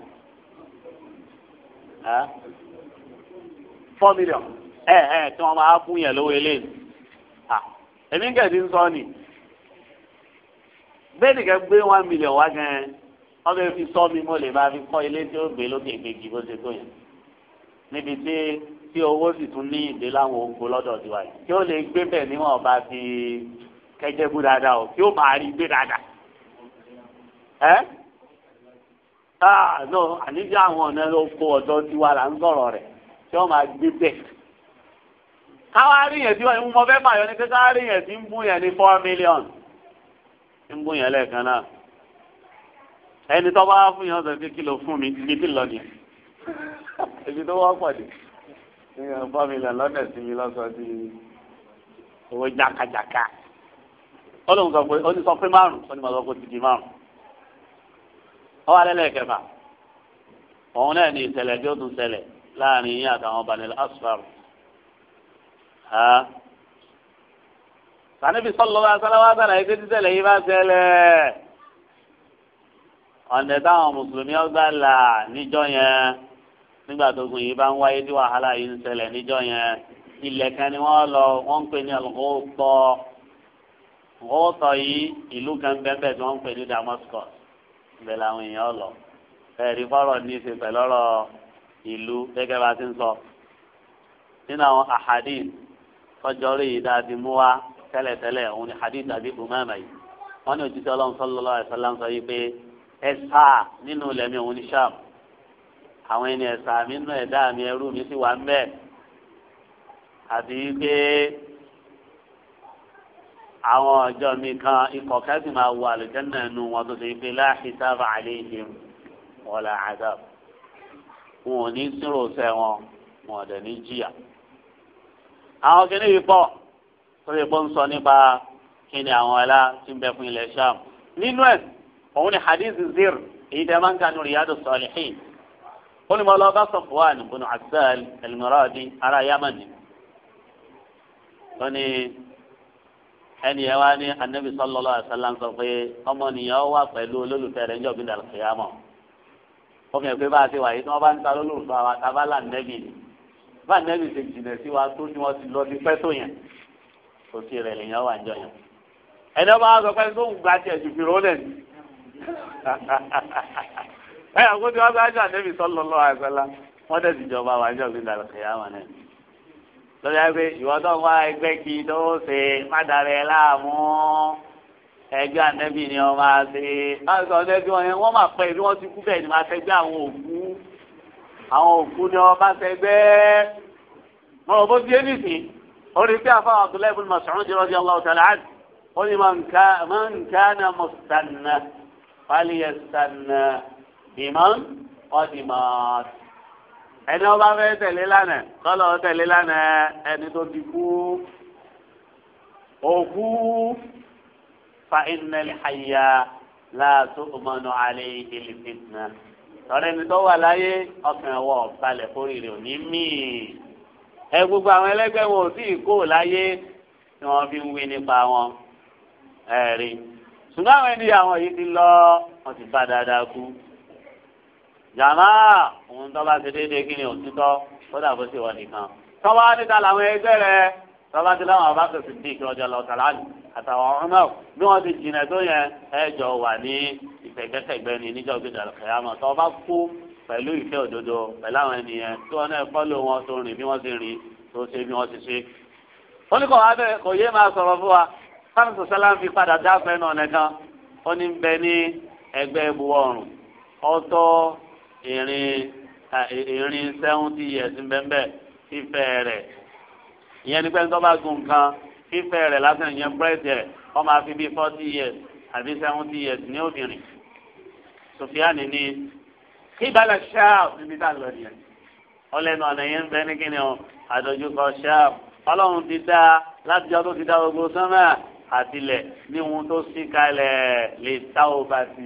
four million ẹ̀ ẹ̀ tí wọ́n máa fún yẹn lówó eléyìí èmi kẹ̀dí ń sọ ni bẹ́ẹ̀ nìkan gbé one million wá gan-an wọ́n fẹ́ fi sọ mi mo lè máa fi kọ́ ilé tí ó gbé lókè gbèjì bó ṣe tó yẹn níbi tí tí owó sì tún ní ìdè láwọn oko lọ́dọ̀ tiwa yìí tí ó lè gbé bẹ́ẹ̀ níwọ̀n bá fi kẹjẹ́ bú dáadáa o tí ó máa rí gbé dáadáa ẹ́ ah no àníjẹ́ àwọn ọ̀nà oko ọ̀dọ́ tiwa là ń sọ̀rọ̀ rẹ̀ tí wọ́n máa gbé bẹ́ẹ̀ káwárí yẹn tí wọ́n mọ fẹ́ fàyọ ní pé káwárí yẹn tí ń bú yẹn ní four million ń bú yẹn lẹ́ẹ̀kan náà ẹni tó bá wá fún yẹn ọ̀sẹ̀ kí ló fún mi ibi tí lọ ni ibi tó wá pàdé ìyẹn four million lọ́dẹ̀ sí mi lọ́sọ̀ sí owó jákàjáká ọlọ́run sọ pé ó ti sọ pé márùn ó ní ma sọ pé ó ti di márùn ọwọ́ alẹ́ lẹ́ẹ̀kẹfà òun náà ní ìṣẹ̀lẹ̀ tí ó tún ṣẹlẹ̀ láàrin yín àtàwọn Banil Asfar sànẹ́bí sọ́lọ́wọ́ asáláwá sára ẹgbẹ́ títẹ̀lẹ̀ yìí bá ṣẹlẹ̀ ọ̀nà táwọn mùsùlùmí ọgbà là níjọ́ yẹn nígbà tó gùn yìí bá ń wáyé tí wàhálà yìí ń ṣẹlẹ̀ níjọ́ yẹn ilẹ̀ kan ni wọ́n lọ wọ́n ń pè ní ọ̀lọ́tọ̀ ọ̀tọ̀ yìí ìlú kan bẹ́ẹ̀ tí wọ́n ń pè ní Damascus bẹ́ẹ̀ làwọn èèyàn lọ ẹ̀rí fọ́rọ̀ ní í ṣe pẹ̀lọ́rọ̀ ìlú gẹ́gẹ́ bá ti ń sọ nínú àwọn ahadith tọjọ rí yìí dáadé mú wa tẹ́lẹ̀tẹ́lẹ̀ òun ni hadith àbí umama yìí wọ́n ní òjijì ọlọ́run sallallahu alaihi wasallam sọ yìí pé ẹ̀sà nínú ilẹ̀ mi òun ni sham àwọn ẹni ẹ̀sà mi nínú ẹ̀dá mi ẹrú mi sì wà ń àti pé àwọn ọjọ́ mi kan ikọ̀ kẹ́sì máa wọ àlùjẹ́nà ẹnu wọn tó ti pé la hisaba alaihim wala azab wọn ò ní sírò sẹ́wọ̀n wọn ò dẹ̀ ní jìyà àwọn kìíní yìí pọ̀ tó lè pọ̀ ń sọ nípa kíni àwọn ẹlá tí ń bẹ fún ilẹ̀ Sham nínú ẹ̀ òun ni hadith zir èyí tẹ́ máa ń kanu Riyadu Salihin ó ní mo lọ bá Safwan bin Asal al-Maradi ará Yamani wọ́n ní ẹni ẹ wá ní anabi sallallahu alaihi wasallam sọ pé ọmọnìyàn wà pẹ̀lú olólùfẹ́ rẹ̀ níjọ́ bí dàlùkìyàmọ̀ fi hàn pé bá a ti wà tí wọ́n bá ń ta lólùfẹ́ àwọn àtàbálà nẹ́bì ni bá nẹ́bí ṣe jìnà sí wa tó ní wọ́n ti lọ sí pẹ́ tó yẹn kò sí rẹ̀ lèèyàn wà jọ yẹn ẹni ọba sọ pé tó ń gba tiẹ̀ ju fi rólẹ̀ ni ẹ yà kó tí wọ́n bá jọ ànẹ́bí sọ́lọ́ lọ́wọ́ àgbẹ̀lá wọ́n tẹ̀sí ìjọba wà jọ gbé dàrú kẹ̀yà wọn náà lórí ẹgbẹ́ ìwọ tó ń wá ẹgbẹ́ kí tó ṣe má darẹ̀ láàmú ẹgbẹ́ ànẹ́bí ni wọ́n máa ṣe má sọ ọdẹ bí wọ́n yẹn àwọn òkú ni wọn bá sẹgbẹ́ mọ òbó di ẹnìsì ó rí pé àfa Abdullahi ibn Mas'ud radiyallahu ta'ala anhu ó ní man kana mustanna falyastanna biman qadima ẹni wọn bá fẹ́ tẹ̀lé lánàá kọ́lọ́ tẹ̀lé ẹni tó ti kú òkú fa innal hayya la tu'manu alayhi al-fitna ọ̀rẹ́ mi tó wà láyé ọkàn ẹ̀wọ̀ balẹ̀ kórìíre òní míì ẹ gbogbo àwọn ẹlẹ́gbẹ́ wọn ò tí kó láyé ni wọ́n fi ń wí nípa wọn ẹ̀rí ṣùgbọ́n àwọn ẹni àwọn yìí ti lọ wọ́n ti bá dáadáa kú jàmá òun tó bá ṣe déédéé kí ni òtítọ́ kódà bó ṣe wọ nìkan tọ́wọ́ á níta làwọn ẹgbẹ́ rẹ̀ tọ́lájú láwọn abáfẹ́ Siddiq radiyallahu ta'ala anhu àtàwọn ọmọ bí wọ́n ti jìnnà tó yẹn ẹjọ́ wà ní ìfẹ̀gbẹ́kẹ̀gbẹ́ ni níjọ́ gbé dàrú kẹ́yàmọ̀ tó bá kú pẹ̀lú ìfẹ́ òdodo pẹ̀lú àwọn ènìyàn tí wọ́n náà fọ́lù wọn tó rìn bí wọ́n ti rìn tó ṣe bí wọ́n ti ṣe. ó ní kò wá bẹ́ẹ̀ kò yé máa sọ̀rọ̀ fún wa fáwọn sọ̀sẹ́ fi padà dáfẹ́ ìyẹn ní pẹ́ńtọ́ bá gun nǹkan fífẹ́ rẹ̀ lásán ìyẹn búrẹ́dì rẹ̀ wọ́n máa fi bíi forty years àbí seventy years ní obìnrin sofiani ni kíbalà ṣáàf níbi tá a lọ nìyẹn ọlẹ́nu ọ̀nà yẹn ń bẹ ní kíni o àdójúkọ ṣáàf ọlọ́run ti dá láti ọdún ti dá gbogbo sánmà àtìlẹ̀ ní ohun tó sì kalẹ̀ lè tá o bá ti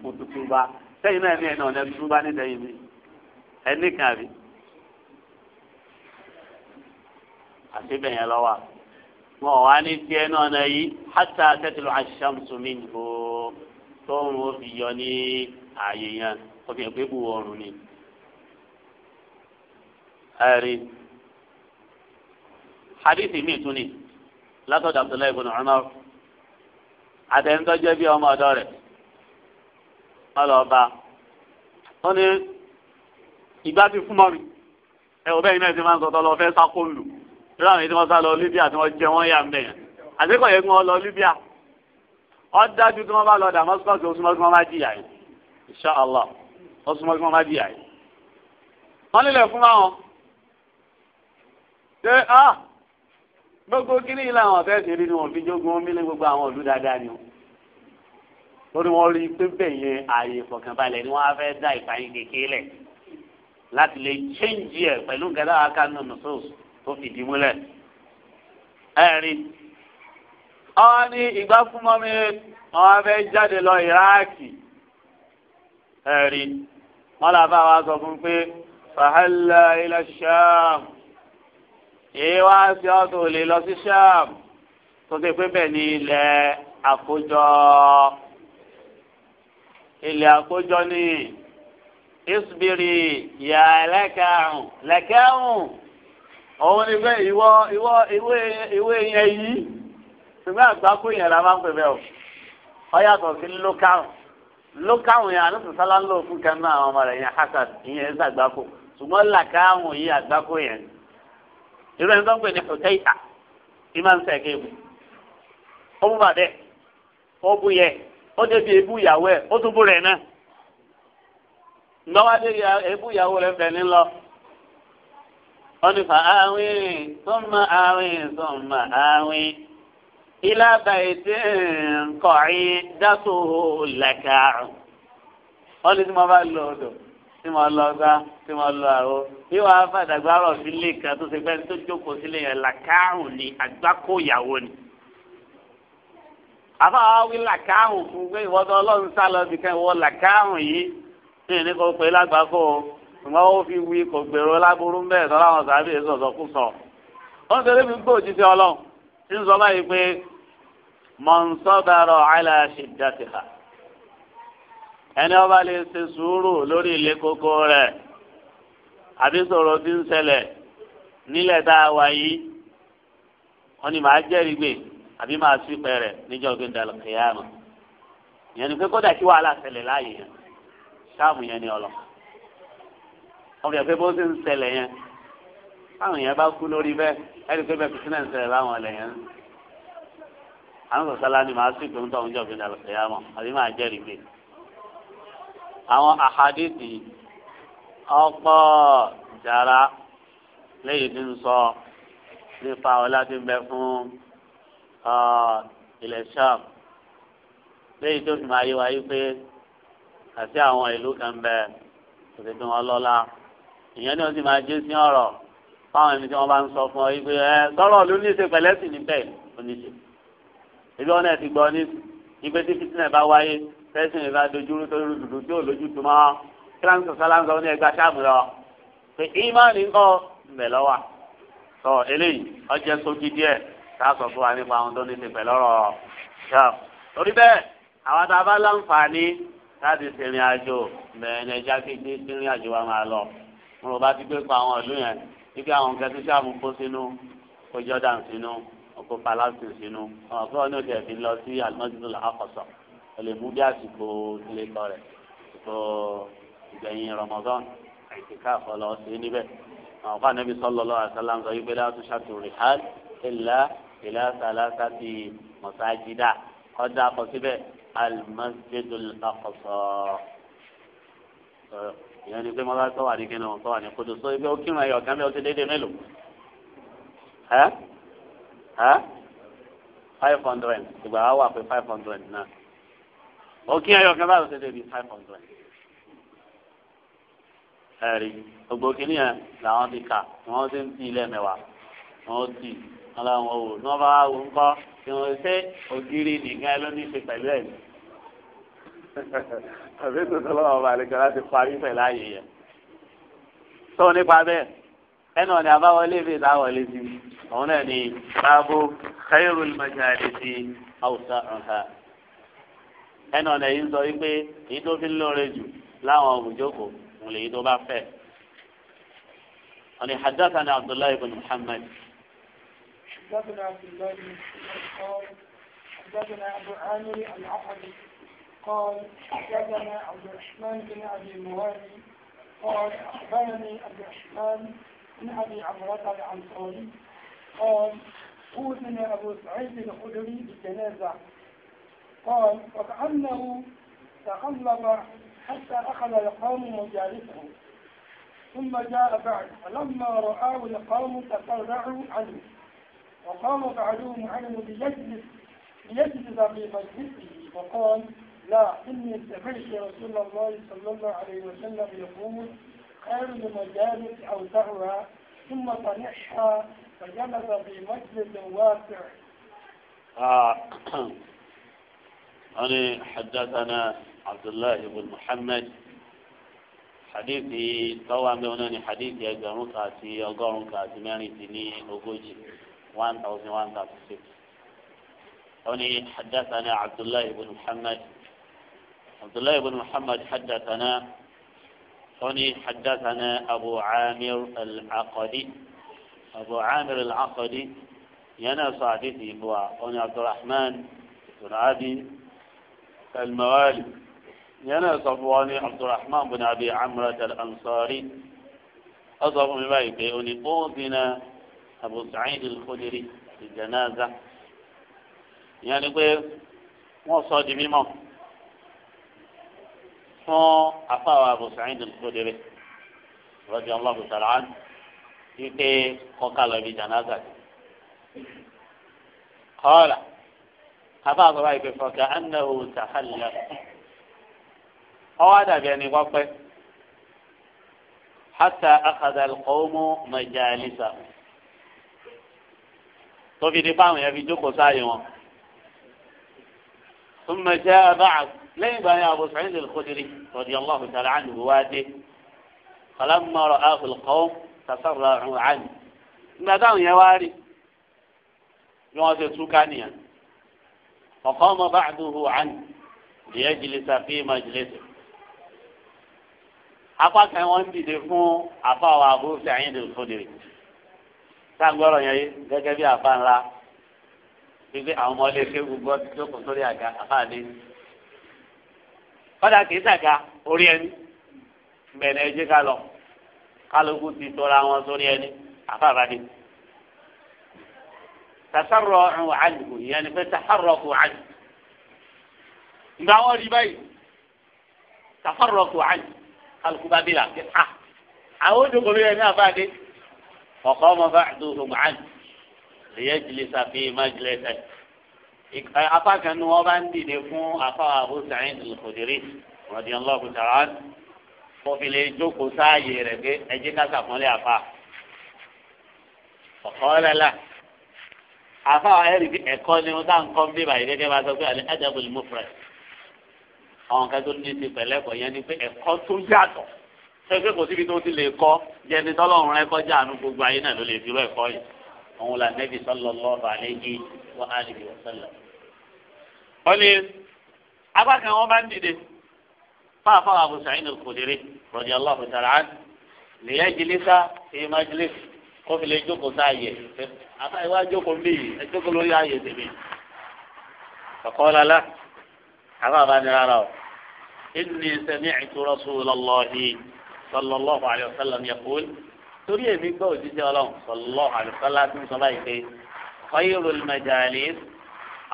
kó sẹ́yìn náà ní ẹ̀nà ọ̀nà tuntun ní tẹ̀yìn mi ẹ̀ ní kàbí. àti bẹ̀yẹn lọ́wọ́ wọn wá ní tiẹ̀ náà náà yìí hátà tẹ́tìlú aṣàmùsùnmí nìbò tóun ó fi yọ ní ààyè yẹn ó fi hàn pé bùwọ̀ ọ̀run ni. ẹ̀rí hadithi mi tún ni látọ̀dọ̀ abdullahi ibn umar àtẹnudọ́jọ́ bí ọmọ ọ̀dọ́ rẹ̀ ọlọ́ọ̀ba wọn ni ìgbà ti fún mọ́ mi ẹ̀ ò bẹ́ẹ̀ ni ẹ̀ ti máa ń sọ tọ́lọ́ fẹ́ sákó lù irú àwọn èyí tí wọ́n sá lọ Libya tí wọ́n jẹ wọ́n yà mẹ́yàn àtẹ́kọ̀ọ́ yẹn kí wọ́n lọ Libya ó dájú tí wọ́n bá lọ Damascus ó súnmọ́ kí wọ́n má jìyà yìí insha Allah ó súnmọ́ kí wọ́n má jìyà yìí. wọ́n nílẹ̀ fún wọn ṣé a ah, gbogbo kíní yìí làwọn ọ̀fẹ́ ṣe rí ni wọ́n fi jogun omi lé gbogbo àwọn ìlú dáadáa ni wọ́n lórí wọn rí pé bẹ́ẹ̀ yẹn ààyè ìfọ̀kànbalẹ̀ ni wọ́n á fẹ́ dá ìfàyín kékeré láti lè chíńjì ẹ̀ pẹ̀lú gẹ́gẹ́ àkànnù nùsọ̀ọ̀sù tó fìdí múlẹ̀ ẹ̀rin àwọn ní ìgbà fún mọ́mí àwọn abẹ́ jáde lọ ìráàkì ẹ̀rin wọn làbá wa sọ fún pé fàhálà ilẹ̀ ṣáàm èyí wá sí ọ̀tún òlè lọ sí ṣáàm tó ti pé bẹ́ẹ̀ ni ilẹ̀ àkójọ ilẹ̀ àkójọ ni isbiri yà lẹ́kàrún lẹ́kàrún òun ni pé ìwọ ìwọ ìwé ìwé yẹn yìí ṣùgbọ́n àgbákò yẹn la máa ń pè bẹ́ẹ̀ o ọyàtọ̀ sí lókàrùn lókàrùn yẹn àlùsùn sálá ń lò fún kẹ́nu àwọn ọmọ rẹ̀ yẹn hasad ìyẹn ń sàgbákò ṣùgbọ́n làkàrùn yìí àgbákò yẹn irú ẹni tó ń pè ní hùtẹ́ìtà ìmọ̀ ń sẹ̀kẹ́ ibù ó bú bàdẹ́ ó bú yẹ ó débi ebú ìyàwó ẹ̀ ó tún bú rẹ̀ náà ǹgbọ́n wọ́n ní fa àwìn sọ́mà àwìn sọ́mà àwìn ilá bàyìtì nkọ̀rí dátò lẹ́kàrù wọ́n ní tí mo bá lọ odò tí mo lọ ọgá tí mo lọ àwo bí wàá fàdàgbàrọ̀ sílé kan tó ṣe fẹ́ tó jókòó sílé yẹn làkàrù ni àgbákòyàwó ni àbáwá wí làkàrù fún pé ìwọ́dọ̀ ọlọ́run sá lọ bìkan ìwọ làkàrù yìí ní ìní pé lágbàá ṣùgbọ́n ó fi wí kò gbèrò lágbóró mbẹ́ẹ̀ tọ́lá wọn sàbí èso ọ̀sọ̀kú sọ. wọ́n ti rí mi gbó òjijì ọlọ́run tí ń sọ báyìí pé mọ̀nsọ́dàrọ̀ aláṣẹ jàtìhà ẹni ọba lè ṣe sùúrù lórí ilé kókó rẹ̀ àbí sọ̀rọ̀ tí ń ṣẹlẹ̀ nílẹ̀ tá a wà yìí wọ́n ní màá jẹ́rìí gbè àbí màá sí pẹ̀rẹ̀ níjọ́ gbẹ̀dàlù kìyàmù ìyẹn ni pé kódà kí wàhálà ṣẹlẹ̀ láàyè yẹn sáàmù yẹn ni ọlọ́run wọn fi hàn pé bó ti ń ṣẹlẹ̀ yẹn táwọn èèyàn bá kú lórí bẹ́ẹ̀ ẹni pé bẹ́ẹ̀ fìtínà ń ṣẹlẹ̀ láwọn ẹlẹ̀ yẹn àwọn sọ̀sálà ni màá sì pé ń tọ́ oúnjẹ òfin àlùfẹ́ yà mọ̀ àbí màá jẹ́rìí pé àwọn àhádìsì ọ̀pọ̀ jàrá lẹ́yìn tí ń sọ nípa ọlá ń bẹ fún ilẹ̀ Ṣam lẹ́yìn tó fi máa yé wa pé àti àwọn ìlú kan bẹ òṣèlú wọn lọ́la ìyẹn ni wọ́n ti máa jẹ́ sí ọ̀rọ̀ fáwọn ẹni tí wọ́n bá ń sọ fún ọ yìí pé ẹ sọ̀rọ̀ ló ní í ṣe pẹ̀lẹ́sì níbẹ̀ oníṣe ibi wọn náà ti gbọ́ ní ipe tí fitinẹ bá wáyé fẹsìn ìlà dojúrú tó rú dùdú tí ò lójú tó mọ kíláǹsì sáláǹsì ọ̀nà ẹgbàá sáàmù lọ pé ìmánì ńkọ ńbẹ lọ́wọ́ sọ eléyìí ọjọ́ sókí díẹ̀ sáàsọ̀ fún wa nípa ohun tó ní ti pẹ̀ lọ́rọ̀ ṣáà torí bẹ́ẹ̀ àwọn tá a bá láǹfààní láti ṣèrìn àjò bẹ́ẹ̀ ni ẹja kéde ṣèrìn àjò wa máa lọ wọn bá ti gbé pa àwọn ìlú yẹn wípé àwọn nǹkan tí sáàmù kó sínú kó Jordan sínú kó Palestine sínú àwọn fún ọdún tẹ̀ fi lọ sí alimọ́sílù àkọsọ ọlẹ́ mú bí àsìkò ilé kọ rẹ̀ kó ìgbẹ̀yìn Ramadan àìsíká àfọlọ́ sí níbẹ̀ àwọn fún anabi sallallahu alaihi wasallam sọ wípé láti ṣàtúnrì hàn ilà ilà sàlásà ti mọ̀sájídà ọ̀dà àkọsíbẹ̀ alimọ́sílù àkọsọ ìyẹn ni pé mo bá sọ́wà ní kíni wọn sọ́wà ní kodo sọ ibi ó kírun ẹyọ kan bí ó ti déédéé mélòó ẹ ẹ five hundred ìgbà wa wà pé five hundred náà ó kí ẹyọ kan báyìí ó ti déédéé five hundred ẹ̀rí gbogbo kìíní yẹn làwọn ti kà ni wọ́n ti ń ti ilé mẹ́wàá wọ́n ti aláwọn owó ní wọ́n bá wá wò ń kọ́ kí wọ́n ṣe ògiri nìkan ló ní ṣe pẹ̀lú ẹ̀ àbí tuntun lọ́wọ́ ọba àlejò láti parí pẹ̀lú ààyè yẹn. tó nípa bẹ́ẹ̀ ẹnu ọ̀nà àbáwọlé mi láwọlé sí òun náà ni báàbò kẹ́rù ìmọ̀jáde sí haúsá ọ̀hà. ẹnu ọ̀nà yìí ń sọ wípé èyí tó fi ń lóore jù láwọn òbújókòó òun lè yí tó bá fẹ́. ọ̀nà ìhàdáta ni Abdullahi ibn Muhammad. حدثنا عبد الله بن قال حدثنا ابو عامر العقدي قال حدثنا عبد الرحمن بن أبي موالي قال أخبرني عبد الرحمن بن أبي عمرة الأنصاري قال أوتنا أبو سعيد الخدري بجنازة قال وكأنه تغلب حتى أخذ القوم مجالسه ثم جاء بعد فلما رآه القوم تفرعوا عنه وقام بعدهم عنه ليجلس ليجلس في مجلسه وقال لا إني سمعت رسول الله صلى الله عليه وسلم يقول خير أو أوسعها ثم طنحها فجلس في مجلس واسع. أنا حدثنا عبد الله بن محمد حديثي طبعا بيوناني حديثي أجرون كاسي أجرون كاسي ماني تني أوجي 1000 1036 أنا حدثنا عبد الله بن محمد عبد الله بن محمد حدثنا حني حدثنا أبو عامر العقدي أبو عامر العقدي ينا صاحبتي هو أنا عبد الرحمن بن أبي الموالي ينا صفواني عبد الرحمن بن أبي عمرة الأنصاري أصاب من ذلك أني أبو سعيد الخدري في الجنازة يعني مو وصادمي بما fún afáwa Abu Sa'id al-Khudri radiyallahu ta'ala anhu wípé kọ́ka lọ bí jànáza ti. kọ́ọ̀là afáwa sọ báyìí pé fọkà annahu tahalla ọwọ́ àdàbí ẹni wọ́pẹ́ hatta akhadha al-qawmu majalisa tó fi di báwọn yẹn fi jókòó sáàyè wọn. ثم جاء بعد lẹ́yìn ìgbà yẹn Abu Sa'id al-Khudri radiyallahu ta'ala anhu wá dé falamma ra'ahu al-qawm tasarra'u anhu nígbà táwọn yẹn wá rí bí wọ́n ṣe túká nìyẹn fa qama ba'duhu anhu liyajlisa fi majlisihi apá kan wọn dìde fún àfàwọn Abu Sa'id al-Khudri sáàgbọ́rọ̀ yẹn gẹ́gẹ́ bí àfa ńlá gbígbé àwọn ọmọ ilé ṣé gbogbo ọdún tó kù kọ́dà kìí sàgá orí ẹni bẹ̀rẹ̀ ẹjẹ́ ká lọ kálukú ti tọ́ra wọn sórí ẹni àfàbàdé. tasarọ̀ ọ̀hún àjùkù ìyẹn ni pé tasarọ̀ kù àjùkù. ìgbà wọn rí báyìí tasarọ̀ kù àjùkù kálukú bá bí làkè á. Ah, àwọn òdòkò bí ẹni àfàdé ọ̀kọ́ ọmọ bá àdúgbò àjùkù lèyẹ́ jìlẹ̀ sàfihàn májìlẹ̀ sẹ́yìn apá kan ni wọ́n bá ń dìde fún afá Abu Sa'id al-Khudri radiyallahu ta'ala kó fi lè jókòó sáàyè rẹ̀ pé ẹ jẹ́ ká sàkúnlé afá ọ̀kọ́lẹ̀ la afa ẹ̀rí ẹ̀kọ́ ni wọ́n dáhùn kọ́ bí báyìí gẹ́gẹ́ bá sọ pé àlẹ́ adabul mufrad àwọn kan tó ní ti pẹ̀lẹ́ kọ̀ yẹn ni pé ẹ̀kọ́ tó yàtọ̀ pé kò síbi tó ti lè kọ́ jẹni tọ́lọ́run ẹ̀kọ́ yìí òun là nẹ́bí sallallahu alayhi wa alihi wa sallam. wọ́n ní apá kan wọ́n bá ń dìde fáfá Abu Sa'id al-Khudri radiyallahu ta'ala anhu liyajlisa fi majlis kó fi lè jókòó sáàyè àtàwọn ìwà jókòó ń jókòó lórí ààyè tèmi. فقال له حرام أن أراه إني سمعت رسول الله صلى الله عليه وسلم يقول torí èmi gbọ́ òjíṣẹ́ ọlọ́run sọlọ́ àlùfáàlà tó ń sọ báyìí pé khairul majalis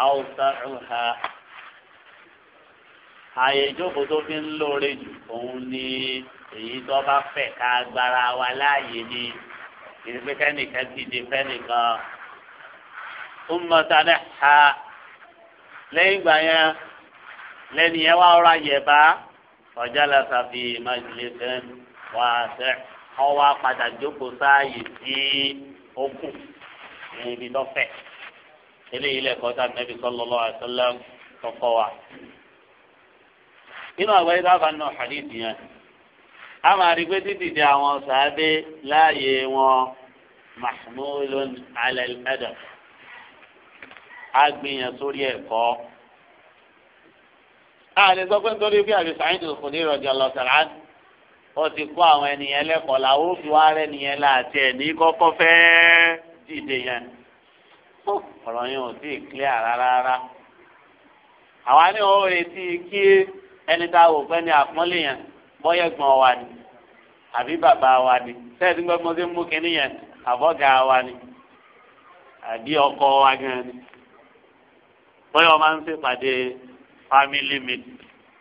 awsa'uha ààyè ìjókòó tó fi ń lóore jù òun ni èyí tó bá fẹ̀ ká gbára wa láàyè ni ìrìnpé kẹ́nìkan dìde fẹ́nìkan ummata ha lẹ́yìn ìgbà yẹn lẹ́nìyẹn wá ọ̀rọ̀ àyẹ̀bá ọ̀jálàsàfì majlisin wasi'in ọwọ́ apàdà jókòó sáàyè sí okùn níbi lọ́fẹ̀ eléyìí lẹ́kọ̀ọ́ tá nàbí sallallahu alaihi wasallam tọkọ wa. inú àgbáyé dábàá náà hadith yẹn a máa rí pé dídìde àwọn sàábé láàyè wọn mahmulun ala al-adab á gbìyàn sórí ẹ̀kọ́ a lè sọ pé nítorí bí Abi Sa'id al-Khudri radiyallahu ta'ala wọ́n ti kó àwọn ènìyàn lẹ́kọ̀ọ́ làwọn òfin wa rẹ̀ nìyẹn láti ẹ̀ ní kọ́kọ́ fẹ́ dìde yẹn. ọ̀rọ̀ yẹn ò tí ì clear rárá rárá. àwa ní wọ́n retí kí ẹni tá a wò pé ní àpọ́nlé yẹn bọ́yẹ̀gbọ́n wa ni àbí bàbá wa ni sẹ́ẹ̀dì gbọ́dọ̀ tí ń mú kinní yẹn àbọ̀gà wa ni àbí ọkọ wa gan ni. bóyá máa ń ṣèpàdé family meeting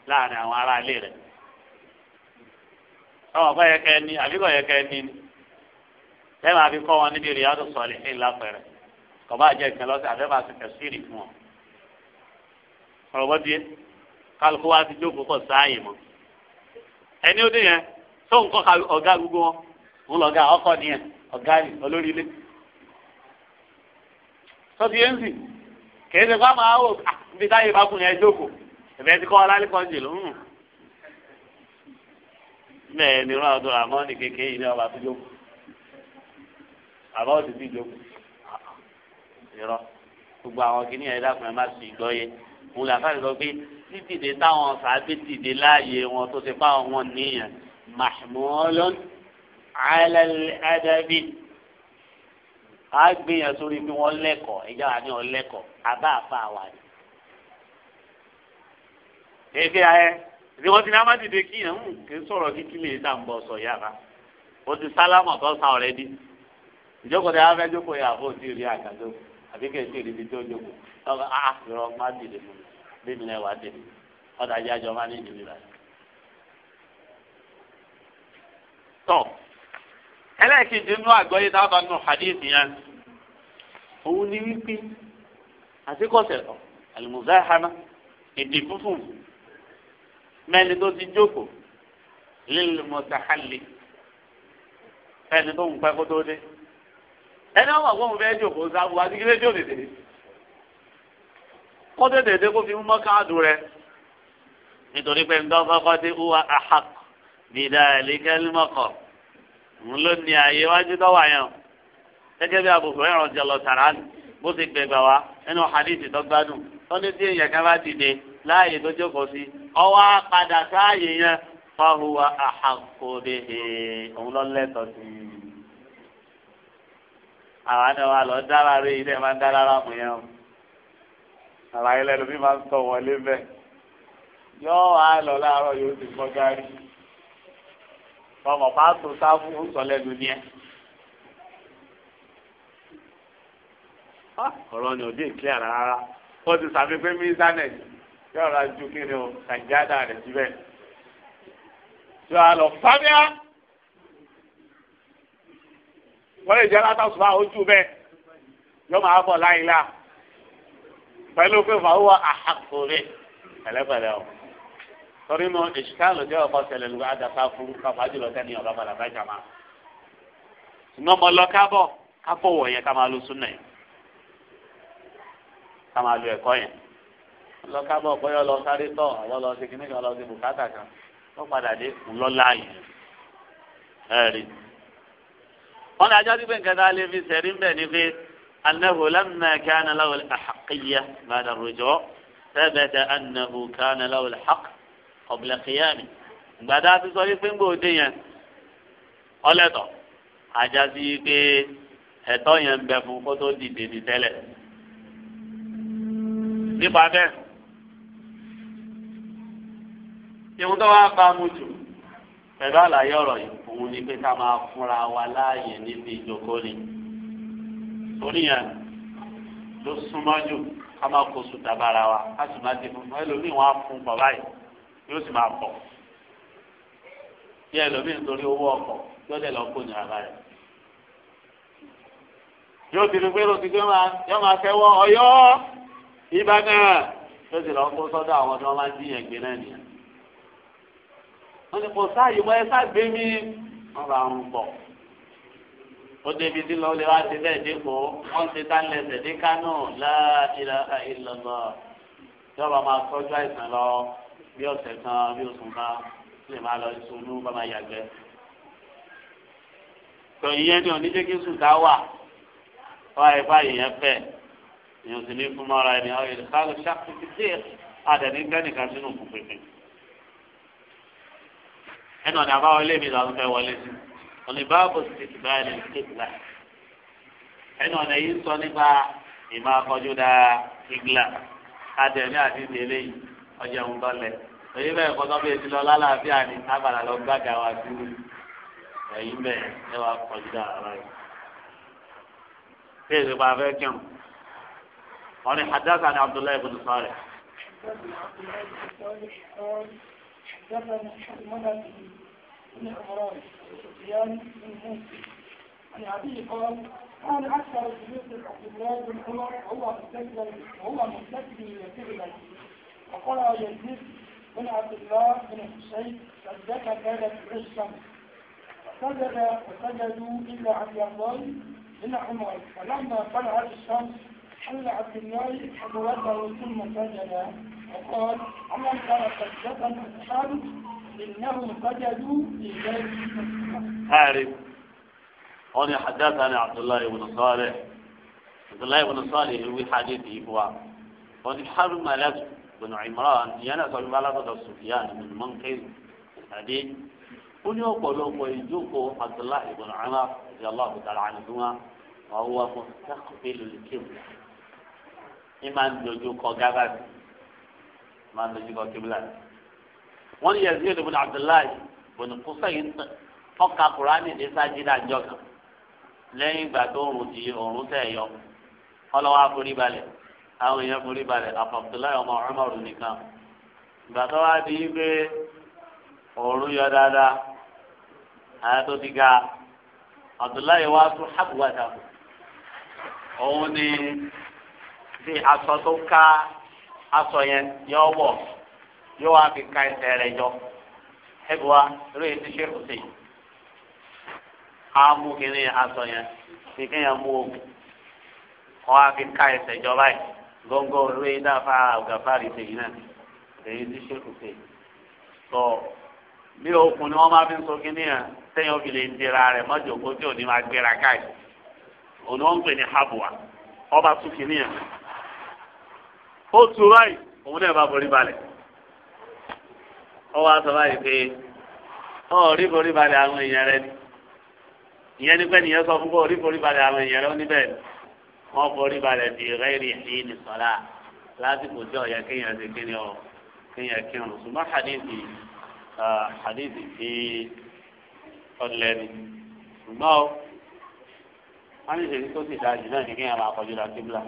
láàrin àwọn aráalé rẹ̀ ọ̀rọ̀ ọ̀kọ́ yẹ kẹ́ ni àbíkọ̀ yẹ kẹ́ ni ni lẹ́yìn àfi kọ́ wọn níbi rìádù sọ̀lì ní ìlàpẹ̀rẹ̀ kọ̀bá jẹ́ ìkẹ́ lọ́sẹ̀ àbẹ́bà ti tẹ̀ sírì fún ọ. ọ̀rọ̀ bọ́ díẹ̀ kálukú wa ti jókòó kọ̀ sáàyè mọ́. ẹni ó dé yẹn tó ń kọ́ ọ̀gá gbogbo wọn ń lọ́gà ọkọ̀ nìyẹn ọ̀gá rì olórí ilé. sọ́tí yẹn ń sì kèé ṣe fáwọn àwọn òbí ah, táyé bá kùn yẹn jókòó ìfẹ́ ti kọ́ ọlá mẹ́ẹ̀ ni wọ́n àdó àmọ́ ní kékeré yìí ní ọba tó jókòó àbá òsì sí ìjókòó irọ́ gbogbo àwọn kìnìyàn ẹ̀dá kan ẹ̀ má sì gbọ́ yẹ òun làkà lè sọ pé títìdé táwọn sàábì tìdé láàyè wọn tó ti pa wọn níyàn mahmulun ala al-adabi á gbìyàn sórí bí wọ́n lẹ́kọ̀ọ́ ẹ̀já wa ní ọ lẹ́kọ̀ọ́ abá àfa àwa ni. èké ayẹ. ìdí wọn ti ní amádìde kí yẹn ń kí sọ̀rọ̀ kí kí lè dà ń sọ yàrá o ti sálámà tó sa ìjókòó tẹ jókòó yà fún òtí rí àgàdo àbí ti rí ibi tó jókòó a ah, yọrọ má dìde fún mi bí mi lẹ́wà dìde má ní ìdílé táwọn nù òun ni wípé àtikọ̀sẹ̀ fúnfún mẹ́ni tó ti jókòó lílù mọ̀tàhálì ẹni tó ń pẹ́ kó tó dé ẹni àwọn àgbọ̀n fẹ́ jókòó sáwọ́ adigunlé tí ò tètè dé kó tètè dé kó fi mọ́ káàdù rẹ nítorí pé ń dán kọ́kọ́ tí ó wà áhàk bìdá ẹ̀lẹ́kẹ́ lẹ́mọ̀kọ̀ ń ló ní ààyè wájú tọ́wọ́ àyàn gẹ́gẹ́ bí Abu Hurairah radiyallahu ta'ala bó ti gbẹgbà wá nínú hadith tó gbádùn tó ní tí èèyàn kan bá ti láàyè tó jókòó sí ọwọ́ apàdà sáàyè yẹn fáwọn àhàkóbe òun lọ lẹ́tọ̀ọ́ sí i. àwọn àdá wa lọ dára rí ilé máa ń dára rà fún yẹn o. àwọn ayé lẹ́nu mi máa ń tọ̀ wọlé bẹ́ẹ̀. yóò wá lọ láàárọ̀ yóò ti gbọ́ gárí. ọmọ pàtó sáfù ń sọ lẹ́nu ní ẹ. Ah, ọ̀rọ̀ ni ò ìkíyà rárá. wọ́n ti sàmì pé mí sánẹ̀tì yóò ra ju kí ni o sàjádà rẹ̀ síbẹ̀ yóò á lọ fábíà wọ́n lè jẹ́ látàkùnfà ojú bẹ́ẹ̀ yóò máa bọ̀ láyìnlá pẹ̀lú pé fàáwọ̀ àhàkùnrin pẹ̀lẹ́pẹ̀lẹ́ o torí mo ìṣìkàlù jẹ́ ọ̀pọ̀ ṣẹlẹ̀ lùgbà àdàfà fún pàápàá jùlọ sẹ́ni ọ̀rọ̀ padà bá jàmá ṣùgbọ́n mo lọ kábọ̀ káfọ̀wọ̀ yẹn ká máa lo súnà yẹn ká máa lo ẹ̀kọ́ yẹn lọ kábọ̀ bọ́yọ̀ lọ sáré tọ̀ àyọ̀ lọ sí kíní kan lọ sí bùkátà kan wọ́n padà dé ńlọ́lá yìí ẹ̀rí. wọ́n lè ajọ́ pípé nǹkan tá a lè fi sẹ̀rí ń bẹ̀ ni pé anahu lamma kana lahu al-haqqiyya ba'da ar-ruju' kana lahu al qabla qiyami gbàdá ti sọ yìí pé ń gbòde yẹn ọlẹ́tọ̀ ajá sí pé ẹ̀tọ́ yẹn ń bẹ fún kó dìde ní tẹ́lẹ̀ nípa bẹ́ẹ̀. ìhun tó wá bá mu jù pẹ̀lú àlàyé ọ̀rọ̀ yìí òun ni pé ká máa fúnra wa láàyè níbi ìjókòó ni torí yẹn ló súnmọ́ jù ká máa kó sùn dábàrà wa ká sì máa di fún ẹlòmíì wọn á fún pọ̀ báyìí yóò sì máa pọ̀ bí ẹlòmíì nítorí owó ọkọ̀ yóò dẹ̀ lọ kó ní ara rẹ̀ yóò ti rí pé ló ti gbé máa yóò máa fẹ́ wọ ọyọ́ ìbá náà yóò sì lọ kó sọ́dọ̀ àwọn tí wọ́n máa ń díyàn gbé náà nìyẹn wọ́n ti kò sáàyè wọ́n ẹ sáàgbé mi wọ́n bá ń bọ̀. ó débi tí lọ́wọ́ lè wá ti bẹ́ẹ̀ dínkù wọ́n ti tá lẹ́sẹ̀ dé kánò láàdìlà ìlọ́lọ́ ìjọba máa tọ́jú àìsàn lọ bí ọ̀sẹ̀ kan bí oṣù kan lè máa lọ sunú bá máa yàgbẹ́. tọ́ ìyẹn ni oníjẹ́ kí sùn dá wà wá ẹ ìyẹn fẹ́ ìyẹn sì ní fún mọ́ra ẹni ọ̀ ìdíkàlù ṣàkóso àtẹnigbẹ́nìkan sínú òkú pínpín ẹnu ọ̀nà àbáwọlé mi làwọn fẹ́ wọlé sí ọ̀nà ìbáàbò sì ti báyìí ní kíkìlá ẹnu ọ̀nà yìí sọ nípa ìmọ̀ akọ́jú dá kíkìlá adẹ̀mí àti ìdílé yìí ọjà ń bọ́lẹ̀ èyí bẹ́ẹ̀ kọ́tọ́ bí etí lọ lálàáfíà ni agbára lọ gbàgà wá sí èyí bẹ́ẹ̀ ẹ wá kọjú dá ara yìí. bí èsì afẹ́ kírun wọ́n ní hadasa ni Abdullahi ibùdó sọ́ọ̀rẹ̀. حدثنا حكمنا بن عمران وسفيان بن موسى عن ابي قال كان اكثر الجلوس عبد الله بن عمر هو مستكبر هو مستكبر كذبا وقرا يزيد بن عبد الله بن حسين صدق كانت عشقا فسجد فسجدوا الا عبد الله بن عمر فلما طلعت الشمس حل عبد الله حضرته ثم سجد وقال أمن ترى صدقا أصحابك إنهم سجدوا لله أعرف هون حدثنا عبد الله بن صالح عبد الله بن صالح يروي حديثه هو وأن حرم ملك بن عمران ينسى الملك سفيان من منقذ الحديث ó ní ọ̀pọ̀lọpọ̀ ìjókòó abdullahi ibn Umar ṣe aláàbò tààrà àdúrà wà wọ́n fún sákòbélò lèkèwò ní máa ń máa ń dojú kọ kíbílà wọn ní Yazid ibn Abdullahi ibn Qusayn ọkà kúránì ní sájídà ńjọ kan lẹ́yìn ìgbà tó òrùn ti òrùn tẹ̀ yọ ọlọ́wọ́ àforíbalẹ̀ àwọn èèyàn foríbalẹ̀ àfọ̀tòláyọ̀ ọmọ ọmọrùn nìkan ìgbà tó wá di pé òrùn yọ dáadáa àyà tó ti ga Abdullahi wa tún hábùwàtà òun ni ti aṣọ tó ká aṣọ yẹn yọ wọ yóò wá fi ka ẹsẹ̀ rẹ̀ jọ ẹbí wa eré yìí ti ṣe kù sí àmú kìíní aṣọ yẹn kìíní yẹn mú ogun kọ́ wá fi ka ẹsẹ̀ jọ báyìí góńgó eré yìí dáfà àgàfàrí ṣèyí náà èyí ti ṣe kù sí tó bí okùn ni wọ́n máa fi ń so kìíní yẹn sẹ́yìn òfin lè ń dira rẹ̀ mọ́jọ́ kó tí ò ní máa gbéra káyìí òun ni wọ́n ń pè ní habuwa ọba tún kìíní yẹn ó tu báyìí òun náà bá borí balẹ̀ ọwọ́ aṣọ báyìí pé ọ̀ rí borí balẹ̀ àwọn èèyàn rẹ ni ìyẹn ní pẹ́ nìyẹn sọ fún bó rí borí balẹ̀ àwọn èèyàn rẹ ó níbẹ̀ wọ́n borí balẹ̀ bí rẹ́rì ẹ̀yìn ní sọ́lá lásìkò tí ọ̀yẹ́ kéèyàn ti kéèyàn ọ̀ kéèyàn kéèyàn ṣùgbọ́n hadithi hadithi ti ọ̀lẹ́ni ṣùgbọ́n wọ́n ní ìṣèlú tó sì dájú náà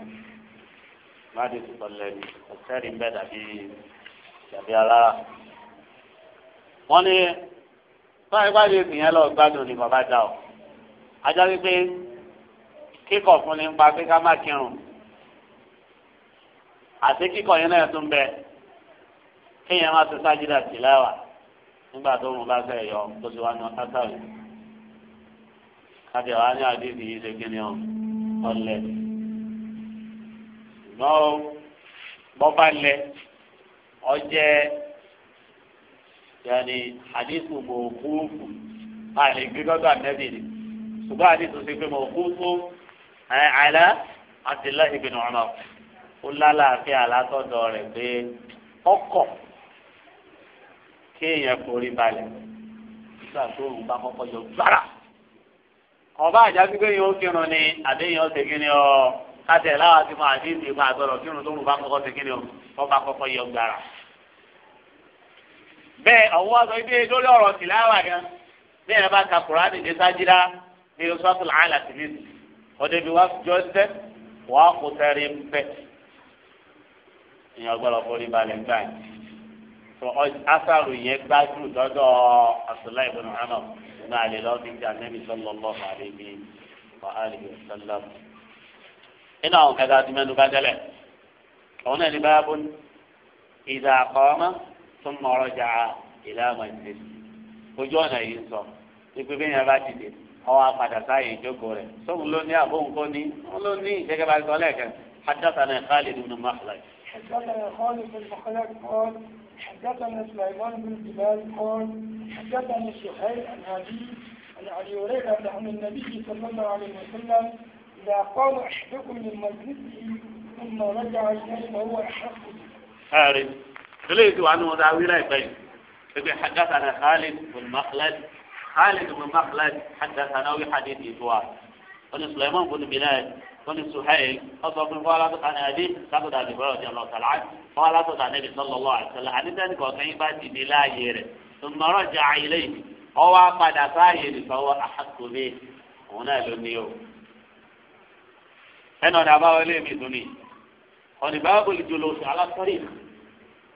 ní máàdì sọlẹ̀ ọ̀sẹ́rì ń bẹ dàbí dàbí alára. wọ́n ní báyìí báyìí ìyẹn lọ gbádùn ní bàbá dà ọ́ ajá wípé kíkọ̀ fún ni ń pa pé ká má kírun àti kíkọ̀ yẹn náà tún bẹ kéèyàn má ti sájídà tìláwà nígbà tó ń bá fẹ́ yọ tó ti wá ní ọ̀tá sáré kájọ wa ní àdéhùn yìí ṣe kí ni ọ ọlẹ́ ṣùgbọ́n o bọ́ba lẹ ọjẹ́ yẹni hadithu mọ̀ọ́kúùfù máa lè gbé gbọ́dọ̀ ànábì ni ṣùgbọ́n hadithu ṣe pé mọ̀ọ́kúùfù ẹ̀ àlá Abdullahi ibn Umar ó lálàáfíà látọ̀dọ̀ rẹ̀ pé ọkọ̀ kéèyàn forí balẹ̀ nígbà tó òun bá kọ́kọ́ yọ gbára ọba àjàgbé yóò kírun ni àdéhùn ọ̀sẹ̀ kí ni ọ́ kájẹ láwa ti máa ní ìdìbò àgbẹ̀rọ̀ kírun tó ń bá kọ́kọ́ ti kíni o wọ́n bá kọ́kọ́ yọ gbàrà. bẹ́ẹ̀ ọ̀wọ́ wa sọ ibi lórí ọ̀rọ̀ tìláwà gan bí ẹ bá ka kura ní ìdẹ́sájídá ní oṣooṣù àlà tìlí ọdẹ bí wàá jọ ṣẹ wàá kó tẹrí pẹ. ìyẹn ọgbọ́dọ̀ forí balẹ̀ gbà yìí. sọ asàrò yẹn gbájú lọ́dọ̀ àṣùlá ìbùnú nínú àwọn kẹta tí mẹ́nu bá tẹ́lẹ̀ òun náà ní bá bó ìdá àkọ́mọ́ tó mọ ọ̀rọ̀ jà ìlà àmàlẹ́ ojú ọ̀nà yìí ń sọ ipe bí yẹn bá ti ọwọ́ apàdà sáàyè ìjókòó rẹ̀ sóhun ló ní àbóhun kó ní òun ló ní gẹ́gẹ́ bá sọ lẹ́ẹ̀kan حدثنا خالد بن مخلد حدثنا خالد بن مخلد قال حدثنا سليمان بن بلال قال حدثنا سهيل عن عن ابي هريره عن النبي صلى الله عليه وسلم إذا قام أحدكم من مجلسه ثم رجع إليه فهو أحق حارب ليس عنه دعوي لا يبين يقول حدثنا خالد بن مخلد خالد بن مخلد حدثنا بحديث إسوار قال سليمان بن بلال بن سهيل أصاب من قال أنا أبي سقط أبي هريرة رضي الله تعالى عنه قال أصاب النبي صلى الله عليه وسلم أنا ذلك وكان باتي بلا يره ثم رجع إليه هو قد أصاير فهو أحق به هنا لنيو ẹnu ọ̀dà àbáwọlé mi dùn ní ọ̀nì báàbò ìjòló sí alásọ́rí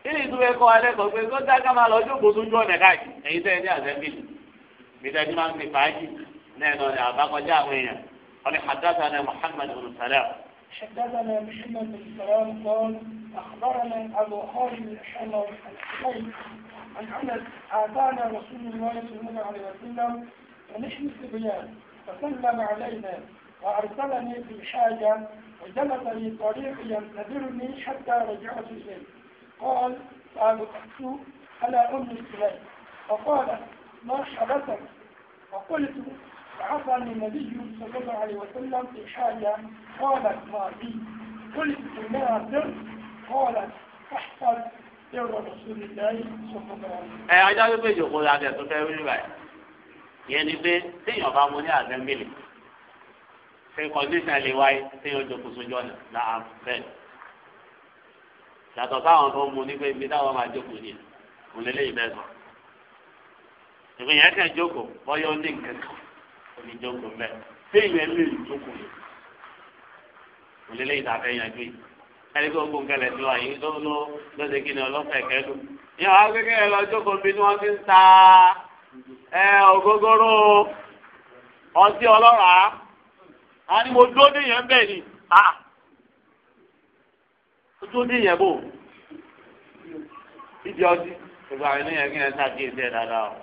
nínú ìdúró ẹ̀kọ́ alẹ́kọ̀ọ́ pé kó dáká máa lọ jókòó sójú ọ̀nà káàkiri ẹ̀yin tẹ́ ẹ ní àzẹ́bìlì bíjájú máa ń fi fàájì náà ẹnu ọ̀dà àbákọjá àwọn èèyàn ọ̀nì hadassah ní muhammad bin salam. حدثنا محمد بن سلام قال اخبرنا ابو خالد الحمر الحسين عن انس اتانا رسول الله صلى الله عليه وسلم ونحن صبيان فسلم علينا وأرسلني في الحاجة وجلس لي طريق ينتظرني حتى رجعت إليه قال فألقيت على أم سليم فقال: ما حدثك فقلت فعصاني النبي صلى الله عليه وسلم في حاجة قالت ما بي قلت ما سر قالت أحسن سر رسول الله صلى الله عليه وسلم. أي عجائب بيجي قول هذا سفيان بن بيعي. يعني بي تيجي أبغى مني هذا ملك pé kọ́ndíṣàn lè wáyé téèyàn jókòó sójú ọ̀nà náà bẹ́ẹ̀ yàtọ̀ sáwọn tó ń mu nígbà ibi táwọn máa jókòó ní òun lè léyìí bẹ́ẹ̀ sọ. ìpè yẹn kàn jókòó bọ́yọ̀ ó ní nǹkan kan ó ní jókòó bẹ́ẹ̀ téèyàn lè jókòó ní òun lè léyìí tàbí ẹ̀yàn gbé ẹni tó gbó nǹkan lẹ̀ sí wa yìí ló ló ṣe kí ni ọlọ́fẹ̀ kẹ́lú. ìyàwó akékèké ariwo dúró níyẹn bẹ́ẹ̀ ni dúró níyẹn bò ìdí ọtí gbogbo àwọn ènìyàn kí ẹ ṣàkíyèsí ẹ dáadáa o.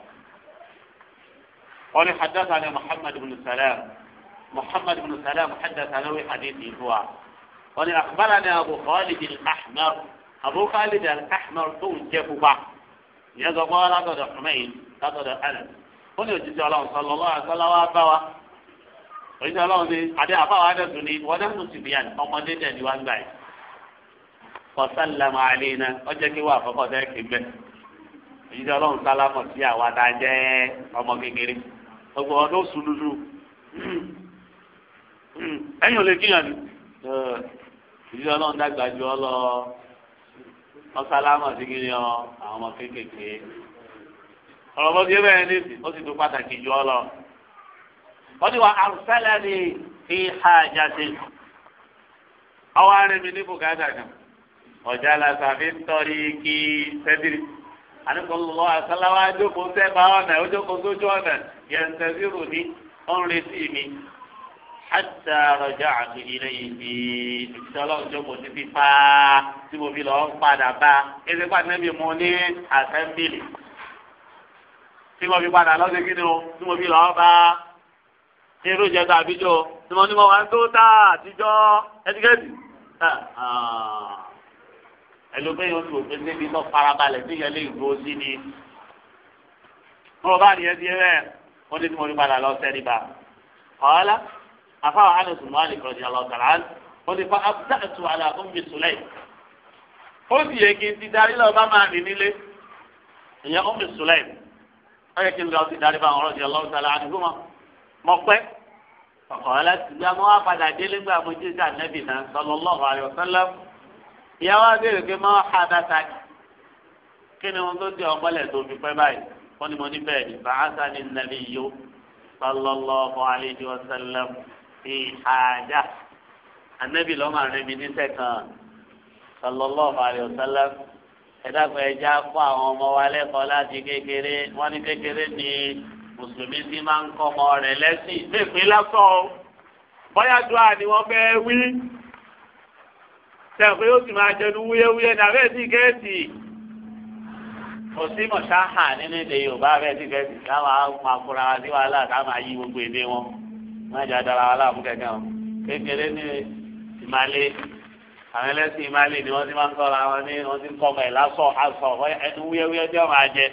قال حدثنا محمد بن سلام محمد بن سلام حدثنا حديثه هو قال أخبرنا أبو خالد الأحمر أبو خالد الأحمر توجه بعض يزغى لقد حمين لقد أنس قل يجزي الله صلى الله عليه وسلم oníṣẹ́ ọlọ́run ní adé àfáwọn adẹ́sùn ní wọ́n dẹ́kun sì bí yàn ọmọdé dẹ̀ ní wọ́n gbà yìí kọ́sálàmù àlẹ́yìnà ọjọ́ kí wọ́n àkọ́kọ́ dẹ́ kí bẹ́ẹ̀ oníṣẹ́ ọlọ́run sálámù sí àwọn adájẹ́ ọmọ kékeré gbogbo ọdún sùdúdú ẹ̀yìn ò lè kíyàn ní oníṣẹ́ ọlọ́run dàgbà ju ọ lọ sí kí ni àwọn ọmọ kékeré ọ̀rọ̀ bọ́ sí ẹ wọ́n ní wa àrùsálẹ̀ ni fi ha jáde ọwọ́ arẹ́mi ní bùkátà kan ọ̀já làtà fi ń tọ́rí kí sẹ́dírì àdìgbòlùwọ́ àsáláwá jókòó sẹ́ẹ̀bà ọ̀nà ojókòó sójú ọ̀nà yẹn sẹ́dírù ní ọ̀nrẹ́sì mi hàtà rọjò àtúnyí lẹ́yìn bí ìṣọlọ́ jókòó ti fi pa tí mo fi lọ́ọ́ padà bá ẹsẹ̀ pàdé mi mú ní àtẹ́ńbìlì tí mo fi padà lọ́sẹ̀ kí ni o tí mo fi lọ́ọ́ bá ní irú ìjẹta àbíjọ tí mo ní mo wá ń tó tá àtijọ́ ẹtíkẹ́tì ẹlòmíyàn oṣù òfin níbi tó farabalẹ̀ sí yẹn lè dúró sí ni bọ́ọ̀ bá nìyẹn ti rẹ̀ wọ́n ní tí mo ní padà lọ sẹ́ni bá ọ̀ọ́lá àfáwọn Anas Malik radiyallahu ta'ala anhu wọ́n ní fa abda'tu ala Ummi Sulaym ó sì yẹ kí n ti darí lọ bá máa rìn nílé ìyẹn Ummi Sulaym ó yẹ kí n lọ sí darí bá wọn radiyallahu ta'ala anhu mọ̀ ọ̀kọ̀ láti gbé ọmọ wa padà délé gbà mo jésù ànábì náà sallallahu alaihi wasallam ìyá wa béèrè pé máa ha dáta kí ni wọn tó di ọgbọlẹ tó fi pẹ́ báyìí wọn ni mo ní bẹ́ẹ̀ ní bàásà ní nabiyyu sallallahu alaihi wasallam fi haja ànábì lọ́mọ rẹ mi ní sẹ́kàn sallallahu alaihi wasallam ẹ̀dá pẹ̀lú ẹja fún àwọn ọmọ wa lẹ́kọ̀ọ́ láti kékeré wọn ní kékeré ní mùsùlùmí ti máa ń kọ́ ọmọ rẹ̀ lẹ́sìn léèpín lásán o bóyá dùá ni wọ́n fẹ́ wí sẹ́wọ̀n pé ó sì máa jẹnu wúyẹ́wúyẹ́ ní abẹ́ sí gẹ̀ẹ́sì kò sí mọ̀ṣáhà nínú èdè yorùbá abẹ́ sí gẹ̀ẹ́sì táwọn máa fura wa sí wàhálà táwọn máa gbogbo èdè wọn má jà dára wàhálà mú kẹ̀kẹ́ wọn kékeré ní ìmàlẹ́ àwọn ẹlẹ́sìn ìmàlẹ́ ni wọ́n ti máa ń kọ́ra wọn ní wọ́n ti ń kọ́ ọmọ ẹ̀ lásọ̀ àṣọ ẹnu wúyẹ́wúyẹ́ tí wọ́n máa jẹ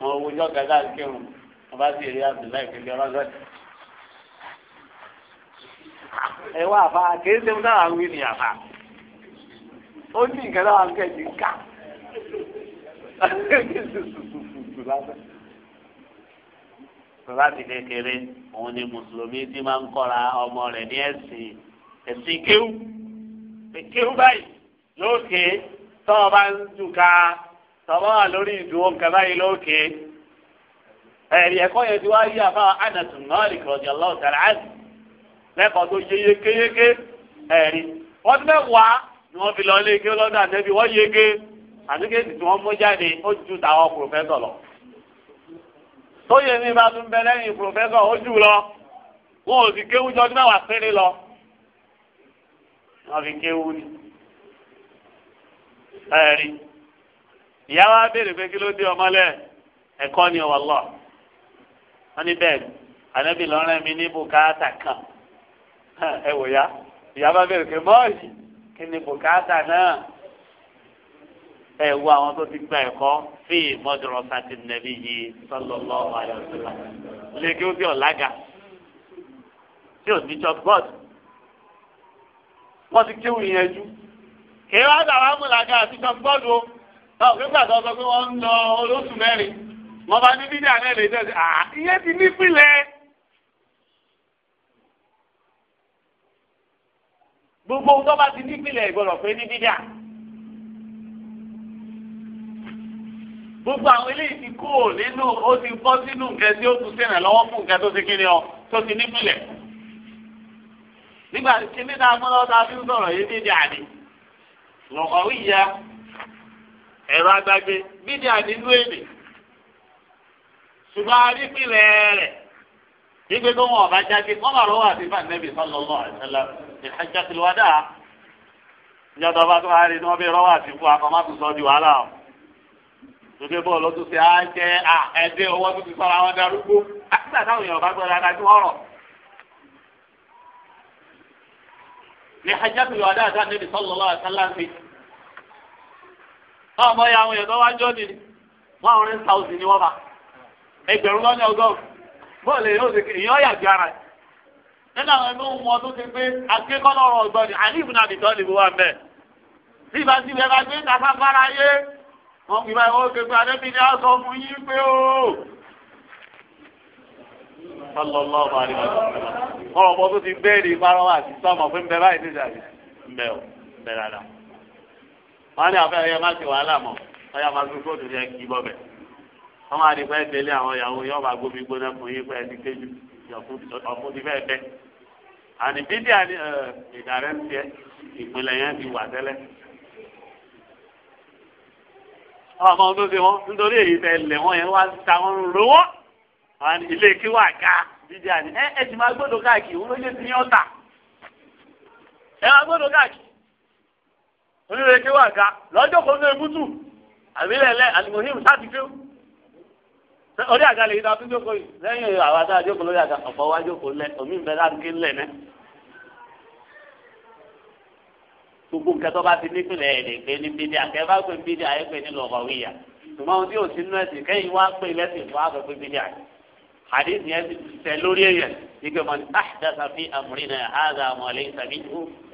wọn owó jọ gàdá kírun wọn bá sì rí abdullahi kejì ọlọ́sẹ̀. ẹ wá àfa kìí ṣe fúnra àwọn wí ni àfa ó ní nǹkan náà wọn kẹ́ẹ̀dì ká láti kékeré òun ni mùsùlùmí ti máa ń kọ́ra ọmọ rẹ̀ ní ẹ̀sìn ẹ̀sìn kéwù kéwù báyìí lókè tó o bá ń dùn ká sọ̀rọ̀ lórí ìdúró nǹkan báyìí lókè ẹ̀rí ẹ̀kọ́ yẹn ti wá yí àfa ànàtù mọ́ọ̀lì kìrọ̀jì ọlọ́run tàrà áàdì lẹ́kọ̀ọ́ tó yé yékéyéké ẹ̀rí wọ́n ti mẹ́wàá ni wọ́n fi lọ ilé ike lọ́dọ̀ àtẹ́bí wọ́n yege àtúkèsì tí wọ́n mú jáde ó ju tàwọn pòfẹ́sọ̀ lọ. tó yẹ ní ibà tún bẹ lẹ́yìn pòfẹ́sọ̀ ó jù lọ wọn ò sì kéwú jọ ọdún mẹ́wàá péré lọ wọ́n fi kéwú ni ẹ̀rí ìyá wa béèrè pé kí ló dé ọmọlẹ ẹ̀kọ́ ni ọwọ lọ wọn ní bẹ́ẹ̀ ànábì lọrẹ mi ní bùkátà kan ẹ wò ya ìyá bá béèrè pé mọọsì kí ni bùkátà náà ẹ wo àwọn tó ti gba ẹ̀kọ́ fi mọdúrọ sátì nàbí yìí sọlọlọ àyọsílà lẹkẹ ó bí ọlága tí ò ní chalkboard wọn ti kéwù yẹn jú kéwàá dàwọn amúlàgà àti chalkboard o ọ pípa tó sọ pé wọ́n ń lọ olóṣù mẹ́rin wọ́n bá ní bídíà náà lè tẹ̀sí à ìyẹn ti nípìnlẹ̀. gbogbo ohun tó bá ti nípìnlẹ̀ ìgbọ́dọ̀ pé ní bídíà. gbogbo àwọn eléyìí ti kó nínú ó ti bọ́ sínú nǹkan tí ó tún sẹ̀rẹ̀ lọ́wọ́ fún nǹkan tó ti kí ni ọ tó ti nípìnlẹ̀. nígbà tí nígbà mọ́lọ́ta fi ń sọ̀rọ̀ yìí bídíà ni lọ́kọ̀ọ́ ẹ̀rọ agbágbé bídíà nínú èdè ṣùgbọ́n arípìlẹ̀ rẹ̀ gbígbé tó wọn ọba jáde wọn bá lọ́wọ́ àti fún ànábì sallallahu ìjọba bá tó wáyé ni bí fún akọ má sọ di wàhálà o gbogbo bọ́ọ̀lù ọdún ṣe á jẹ́ tó ti sọ̀rọ̀ àwọn darúgbó àtúntà táwọn èèyàn bá gbọ́dọ̀ adájú ọ̀rọ̀. ní hajjatul ọmọ ya àwọn èèyàn tó wá jọ́ ni one hundred ni wọ́n bá ẹgbẹ̀rún lọ́nà ọgọ́rùn bọ́ọ̀lù yóò ṣe èèyàn yàgbé ara ẹ̀ nínú àwọn ẹgbẹ́ ohun ọdún ti pé akẹ́kọ̀ọ́ lọ́rọ̀ ọgbọ́n ni àní ìbùnà àbìtọ́ lè wà mẹ́ẹ̀ bí ìbá ti bẹ̀rẹ̀ gbé tafáfára yé wọ́n fi báyìí wọ́n kékeré adébí ni a sọ fún yín pé o wọn ní àfẹ́ ẹ̀yẹ má ti wàhálà mọ́ ọyà máa gbé kóòtù yẹn kì í bọ́ bẹ̀. wọ́n máa di pẹ́ délé àwọn ìyàwó yóò máa gbómi gbóná fún yín pé ẹni kéjù ọ̀fun ti fẹ́ẹ́ fẹ́. àní bíbí àní ìdàrẹ́ ń tiẹ̀ ìpínlẹ̀ yẹn ti wà tẹ́lẹ̀. ọmọ tó ṣe wọn nítorí èyí tẹ lẹ̀ wọ́n yẹn wá ta wọn ro wọ́n. àní ilé kí wà ga bíbí àní ẹ ẹ ti máa gbọ́dọ̀ káàkiri wọ́n ló yẹ ti yọ ta. ẹ máa gbọ́dọ̀ káàkiri onílé kí wà ga lọ́jọ́ kan ní ebútù àbílẹ̀lẹ̀ àlùmọ́hìm sáàtì kí orí àga lè yí ta tó jókòó yìí lẹ́yìn àwọn àti àjókòó lórí àga ọ̀pọ̀ wá jókòó lẹ omi ìbẹ́ láti kí lẹ̀ náà. gbogbo nǹkan tó bá ti nípìnlẹ̀ ẹ̀ lè gbé ní bídí àkẹ́ bá gbé bídí àyè pé nílò ọ̀rọ̀ wíyà ṣùgbọ́n ohun tí ò sí nú ẹ̀sìn kẹ́yìn wá pé lẹ́sìn fún àgbẹ̀ pé bídí àyè àdéhùn yẹn ti tẹ̀ lórí ẹ̀yẹ ìgbẹ́mọ̀ ní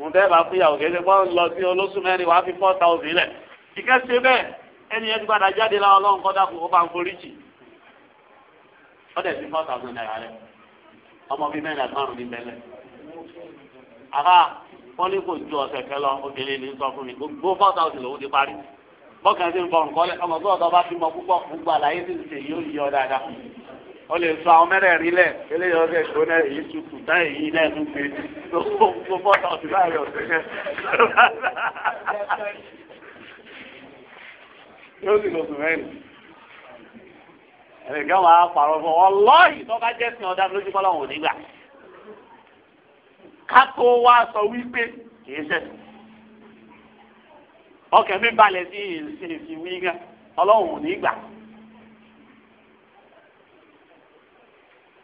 òun bá fún ìyàwó kéde bọ́ọ̀ lọ sí olóṣù mẹ́rin wàá fi four thousand lẹ̀ ìkẹ́ ṣe bẹ́ẹ̀ ẹni yẹn ti jáde láwọn ọlọ́run kọ́ dàpọ̀ ó bá ń forí jì ó dẹ̀ sí four thousand naira rẹ̀ ọmọ bíi mẹ́rin àti márùn-ún ní bẹ́lẹ̀ àbá wọ́n kò ju ọ̀sẹ̀ kẹ lọ obìnrin ní sọ fún mi gbogbo four thousand lòún ti parí bọ́ọ̀kì o lè sọ àwọn mẹ́rẹ̀ẹ̀rin lẹ̀ eléyìí ọ̀sẹ̀ tó náà èyí tutù táyì yìí náà tún fi tó bọ́tà ọ̀sẹ̀ láàrin ọ̀sẹ̀ yẹn. yóò sì lọ sùn mẹ́rin. ẹ̀rẹ̀gẹ́ wọn á pàrọ̀ fún ọ lọ́ọ̀yì tó bá jẹ́ sin ọ̀dà lójú kọ́ lọ́wọ́ nígbà. ká tó wá sọ wípé kì í sẹ̀sìn. ọkẹ́ mi balẹ̀ sí ìsìn ìsìn gan ọlọ́run ò ní gbà.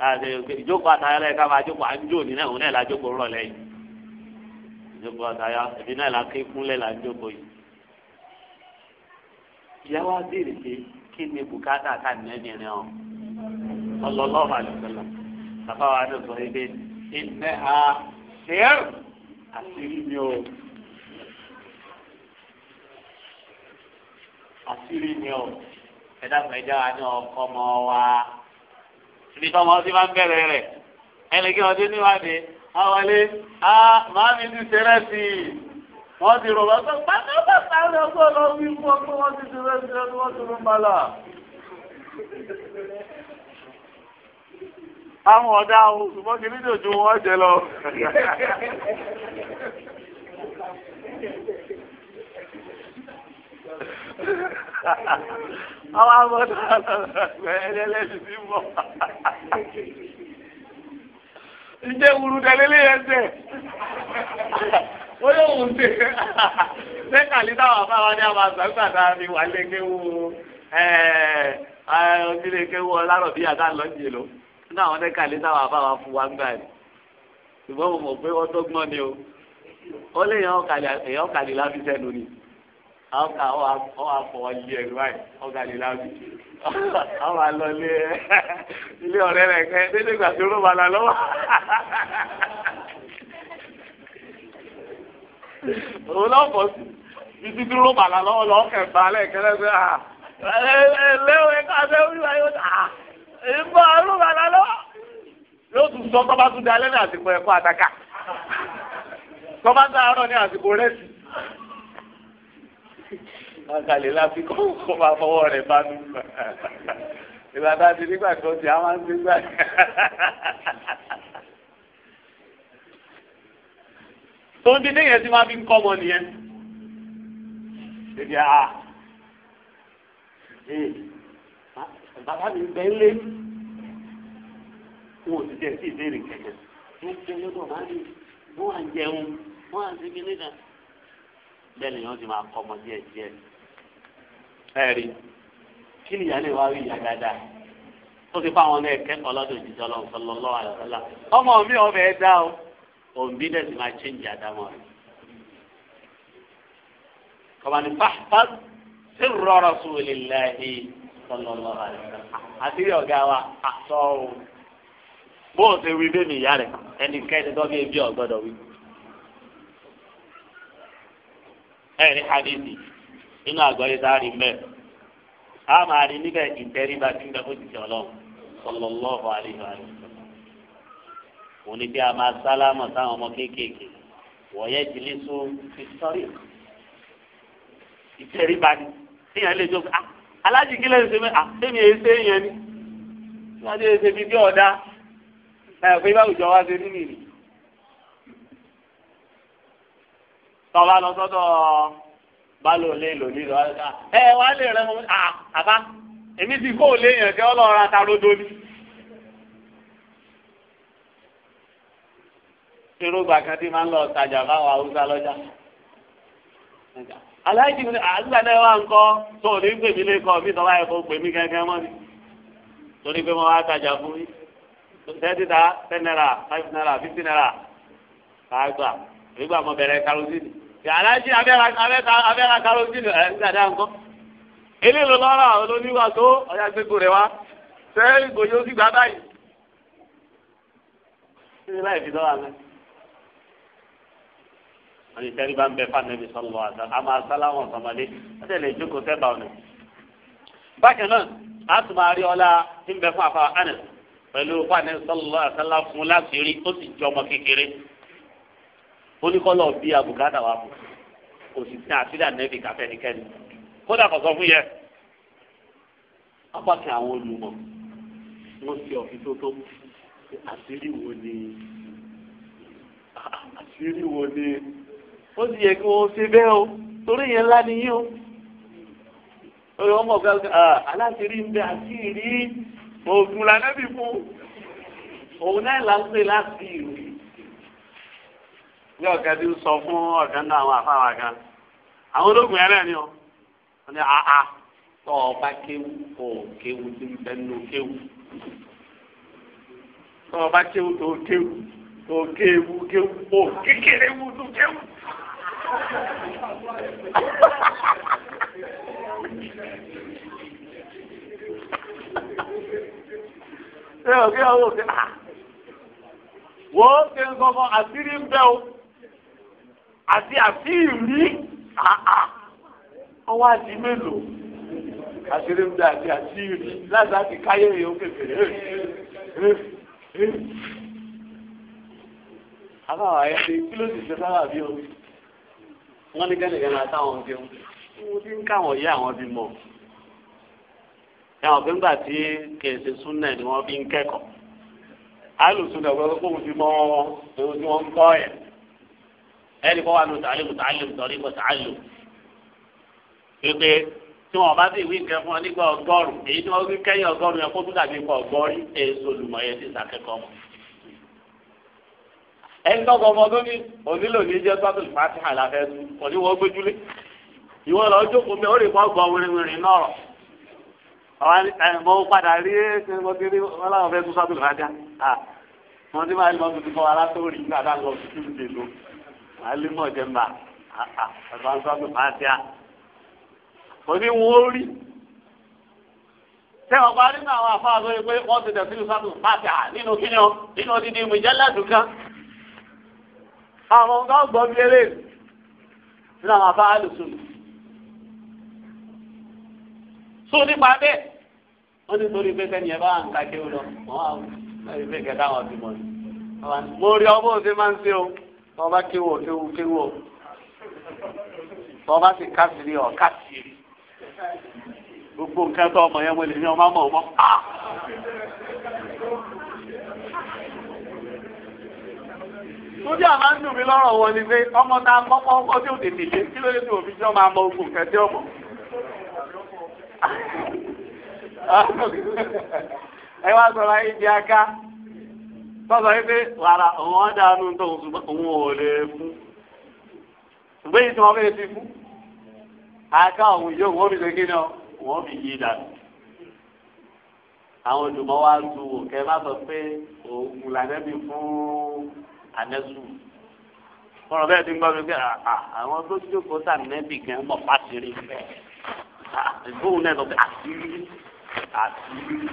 ìjókòó àtayá lẹ́yìn ká máa jókòó àńjò ní náà òun náà la jókòó rọ̀ lẹ́yìn ìjókòó àtayá ẹ̀mí náà la ké kúnlẹ̀ la jókòó yìí. ìyá wa béèrè pé kí ni bùkátà ká nìyẹn ní ẹni ọ ọlọlọ́wọ́ àlùfẹ́lá bàbá wa ní sọ ebi ìfẹ́ ha ṣẹ́ẹ̀rù àṣírí mi o àṣírí mi o ẹ̀dá pẹ̀jọ́ wa ní ọkọ ọmọ wa ibi tí ọmọ ọtí máa ń bẹ̀rẹ̀ rẹ̀ ẹnì kí ọdún níwájú àwọlé a máa mi ti ṣeré sí i wọ́n ti rọ̀ wọ́n sọ pátá pátá rẹ̀ kó lọ wí fún ọkọ wọ́n ti ṣeré sí i wọ́n ti rún balà. àwọn ọ̀dà ohun ṣùgbọ́n kí nídòjú wọn jẹ lọ àwọn amọ̀dá àgbẹ̀ ẹlẹ́lẹ́sìn ti mọ̀. Ǹjẹ́ wuru dalẹ́lẹ́ yẹn sẹ̀? Wọ́n yóò wù Ṣé kàlí táwọn afáwọn ní àwọn àgbàgbà tá a fi wà lẹ́kẹ́ wo ọ̀dílẹ̀kẹ́ wo ọlárọ̀ bí àtà lọ́jì ló? Nínú àwọn dẹ́kàlí táwọn afáwọn fún wa ń gbà ní. Ṣùgbọ́n mo mọ̀ pé wọ́n ni o. Ó lè yan ọ̀kàlì láfi sẹ́nu ni. àwọn ọ àfọwọ́ yí ẹ̀rú báyìí ọ̀gá lè lábì àwọn àlọ́ ilé ilé ọ̀rẹ́ rẹ̀ kẹ́ dédé gbà tó rọ́bà là lọ́wọ́. òun náà bọ̀ sí títí tó rọ́bà là lọ́wọ́ lọ́wọ́ kẹfà lẹ́ẹ̀kẹ́lẹ́ pé lẹ́wọ̀ ẹ̀ka abẹ́ wíwá yóò dà ìbọn rọ́bà là lọ́wọ́. yóò tún sọ tọ́ba tún da alẹ́ ní àsìkò ẹ̀kọ́ àtàkà tọ́ba tún arọ ní àsìkò rẹ̀ sí. àkàlẹ̀ láti kọ́ kó máa fọwọ́ rẹ̀ bá mi gbà ìgbà tá a ti nígbà kan tí a máa ń gbé gbà. tó ń di déyẹn tí máa fi ń kọ́ ọmọ nìyẹn. ṣèjì àá ah, eh, bàbá mi bẹ́ ń lé wọn ò ti jẹ́ sí ìbéèrè kẹ̀kẹ́. wọ́n jẹ́ lọ́dọ̀ máa ń wọ́n à ń jẹun wọ́n à ń ṣe kíní kan. bẹ́ẹ̀ ni wọ́n ti máa kọ́ ọmọ díẹ̀ díẹ̀. ẹ̀rí kí ni ìyáálé wa rí ìyá dáadáa ó ti fáwọn náà kẹ́kọ̀ọ́ lọ́wọ́ àyọ̀sọ́lá ọmọ mi ò fẹ́ dá o òǹbí dẹ̀ máa àdámọ́ rẹ̀. sí láàyè àyọ̀sọ́lá àti ọ̀gá wa àtọ́ o bó wí bẹ́ẹ̀ ni ìyá rẹ̀ ẹnikẹ́ni tó bí ebi ọ̀gbọ́dọ̀ wí. ẹ̀rí hadithi inú àgbáyé sáré mbẹ́ a máa rí níbẹ̀ ìtẹ́ríba tí ń bẹ fún ìṣẹ̀ ọlọ́run sallallahu alaihi wa sallam òun ni bí a máa sálámọ̀ sáwọn ọmọ kéékèèké wọ̀nyẹ́ jìlí so fi sọ́rí ìtẹ́ríba ni èèyàn lè jókòó ah alájì kí lẹ́yìn sẹ́mi ah sẹ́mi èyí sẹ́yìn yẹn ni wọ́n ti ṣe fi bí ọ̀dà ẹ̀ pé báwo jọ wá ṣe nínú ìlú. tọ́ba lọ sọ́dọ̀ balo lé lò nílò ẹ wà lè rẹ mọ àbá èmi ti kó lé yẹn kí ọlọ́run atarodo ni. irúgbà kan tí máa ń lọ tajà fáwọn haúsá lọ́jà. aláìjì ní àgbà náà wà ń kọ́ tó ní gbèmí lè kọ́ mi tọ́ba ẹ̀kọ́ gbèmí gẹ́gẹ́ mọ́ ni torí pé mo wá tajà fún yín thirty ta ten naira five naira fifty naira kàá gbà nígbà mo bẹ̀rẹ̀ karosini yàrá-jì abẹ́ra karosíìnì ẹ̀ ń gbàdá nǹkan. ilé ìlú lọ́rọ̀ olóníwà tó ọ̀yà gbégbó rẹ̀ wá ṣé ìgbòyè ó sì gbà báyìí. ṣé láì fi dọ́wà mẹ́. wọ́n ti tẹ́rí bá ń bẹ fáńdẹ́bí sọ́lọ́ àti àmà sáláwọ̀n sọmọdé wọ́n tẹ̀lé ìjókòó sẹ́bà ọ̀nà. bákan náà a tún máa rí ọlá tí ń bẹ fún àfa ànà pẹ̀lú fáńdẹ́bí sọ́lọ́ àti oníkọ́lọ̀ bí abùkátà wa fún kò sì tẹ àfírí ànẹ́bì káfẹ́ nìkẹ́ni kódà kò sọ fún yẹ. apákan àwọn olùmọ̀ wọ́n fi ọ̀fin tó tó àṣírí wo ni àṣírí wo ni ó sì yẹ kí wọ́n ṣe bẹ́ẹ̀ o torí yẹn ńlá ni yín o. oye ọmọ ọgá aláṣírí ń bẹ àṣírí òògùn lànẹ́bì fún òun náà là ń pè láti ìrù ní ọ̀gá tí ń sọ fún ọ̀gá náà àwọn àfáwà kan àwọn ológun yẹn ni ọ wọn ni àá tọ ọba kéwu kò kéwu tí ń bẹ nínú kéwu tọ ọba kéwu tó kéwu tó kéwu kéwu kò kékeré wu tó kéwu. ṣé ọ̀gá ọ̀gá wọ́n ṣe ń sọ fún àṣírí ń bẹ́ o àti àti ìrí àà ọwọ́ àti mélòó àṣírí ń bẹ àti àti ìrí láti àti káyé èèyàn kékeré àwọn àyà kí ló sì ṣe sábà bí omi wọn ní kẹ́nìkan náà táwọn ń jẹun mo ti ń káwọn yé àwọn bí mọ̀ ẹ̀wọ̀n fúngbà tí kèsì súnà ni wọ́n fi ń kẹ́kọ̀ọ́ alùsùn dàgbà pé kóun ti mọ ohun tí wọ́n ń kọ́ yẹn ẹni kọ́ wa ní tàlímù tàlímù tọ́lí kọ́ pépé tí wọn bá sì wí fún ọ nígbà ọgọ́rùn èyí tí wọn wí kẹ́yìn ọgọ́rùn yẹn kó tún dàbí kọ ọgọ́rí èso olùmọ̀ yẹn ti sàkẹ́kọ̀ọ́ mọ́. ẹni tọ́kọ ọmọ tó ní onílò ní jẹ́ sọ́tò fàtíhà la fẹ́ tún òní wọ́n gbójúlé ìwọ lọ jókòó mi ó lè kọ́ gbọ́ wìrìwìrì náà mo padà rí mo ti rí wọn fẹ́ tún sọ́tò fàtíhà alimọ jẹmba bàbá sọgbẹ fàtíà oníwọ̀n orí tẹ́wọ̀n nínú àwọn afáàzọ yìí pé wọ́n ti dẹ̀sí ìsọ́nù fàtíà nínú kínyọ nínú odidi mùjáládùn kan àwọn nǹkan gbọ́ bí eré nínú àwọn afáàlù sùn. sún nípa bẹ́ẹ̀ wọ́n ti torí pé sẹ́ni ẹ̀ bá ń ka kéwù lọ wọ́n á rí pé kẹta wọn ti mọ̀ ní. mo rí ọmọ òsè máa ń ṣe o. tọ́ bá kéwò kéwò kéwò tọ́ bá sì kásìrì ọ̀ kásìrì gbogbo nǹkan ọmọ yẹn mo lè ní ọmọ mọ̀ ọmọ pa. Tójú àmà ń dùn mí lọ́rọ̀ wọn ni pé ọmọ tá a kọ́kọ́ tí ò tètè dé kí ló òfin tí wọ́n máa mọ ogun nǹkan tí ọmọ. tọ́sọ̀ yìí pé rárá òun ọ̀dà àánú tó òun ò lè fún ṣùgbọ́n èyí tí wọ́n fẹ́ẹ́ fi fún aká òun yóò wọ́n fi ṣe kí ni ọ wọ́n fi yí dànù. àwọn olùmọ̀ wa tu wò kẹ́ má sọ pé òun lànẹ́bí fún anẹ́sù fọlọ bẹ́ẹ̀ ti ń gbọ́ mi pé àwọn tó jókòó sànẹ́bí gan mọ̀ pàṣírí bẹ́ẹ̀ ìgbóhùn náà lọ bẹ́ẹ̀ àṣírí àṣírí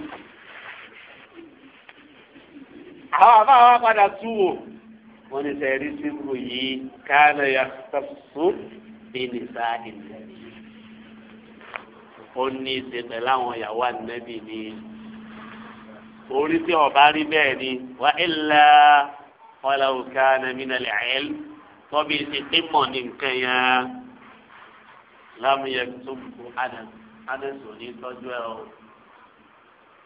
àwọn àbá wa padà tú wò wọ́n ní sẹ́rí símbù yìí káàlà yà sàfù bíní sáàdì nàbí. ó ní ìṣe pẹ̀lú àwọn ìyàwó ànábì ni orí tí ọba rí bẹ́ẹ̀ ni wà ilà ọlọ́wọ́ káàlà mí nàlẹ́ àyẹ́l ti ti mọ̀ ní nǹkan yẹn lámúyẹ tó bu adẹ́sùn ní tọ́jú ẹ̀ o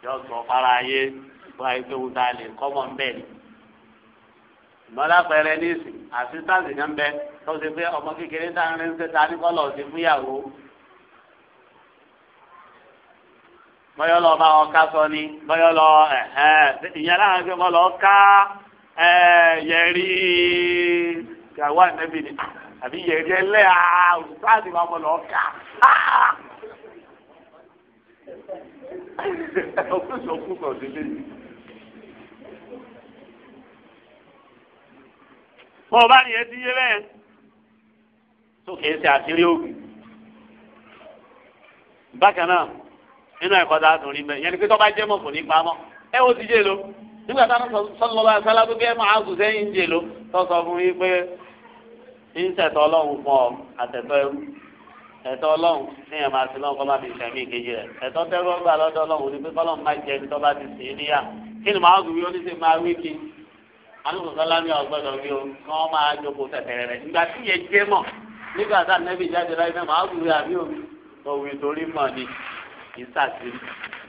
yọ sọ fara yé. fún àìpé wù a lè kọ́mọ̀ ń bẹ̀ ni. ìmọ̀lá pẹ̀rẹ̀ ní ìsìn tó ṣe pé ọmọ kékeré a ń ta ní kọ́lọ̀ sí fúyàwó. bọ́yọ̀ lọ bá sọ ni bọ́yọ̀ ìyẹn láwọn fi wọn lọ yẹrí gàwá ni àbí yẹrí ẹlẹ́ lọ ká ọkùnrin lẹ́yìn. mọ ọba nìyẹn ti yé bẹ́ẹ̀ tó kìí ṣe àṣírí òògùn bákan náà nínú ẹ̀kọ́ tá a tún rí bẹ́ẹ̀ yẹn ni pé tó bá kò ní pamọ́ ẹ wo ti jẹ́ lo nígbà tá a sọ́nù lọ́ba sálá tó kẹ́ máa sùn sẹ́yìn jẹ́ lo tó sọ fún yín pé ń ṣẹ̀tọ́ ọlọ́run fún ọ àtẹ̀tọ́ ẹrú ẹ̀tọ́ ọlọ́run ní ẹ̀ máa fi lọ́wọ́ kọ́ bá mi sẹ̀mí ìkejì rẹ̀ ẹ̀tọ́ tẹ́rọ gbà lọ́dọ̀ ọlọ́run ní pé kọ́lọ́run má jẹ́ ẹni tó bá ti sè alùpùpùsọ́lá ní ọgbọ́dọ̀ bí o kí wọ́n máa jókòó tẹ̀tẹ̀rẹ̀ rẹ̀ nígbà tí yẹn jẹ́ mọ̀ nígbà tá nẹ́bí jáde láyé náà máa wúwe àbí omi òwe torí mọ̀ ni ìsàkiri.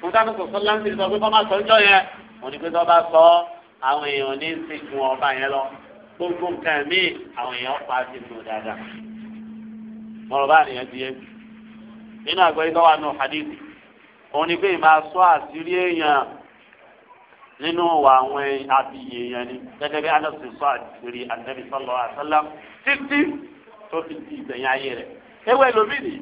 mo dáná kò sọ́lá ń ti sọ pé kọ́ máa sọ ọjọ́ yẹn mo ní pé tó bá sọ àwọn èèyàn ní ti gun ọba yẹn lọ gbogbo nǹkan míì àwọn èèyàn pa ti nínú wa àwọn abiyè yẹn ni gẹ́gẹ́ bí anasi sọ àdìrí anabi sọlọ àṣàlám títí tó fi di ìgbẹ̀yìn ayé rẹ̀ ewé lómìnì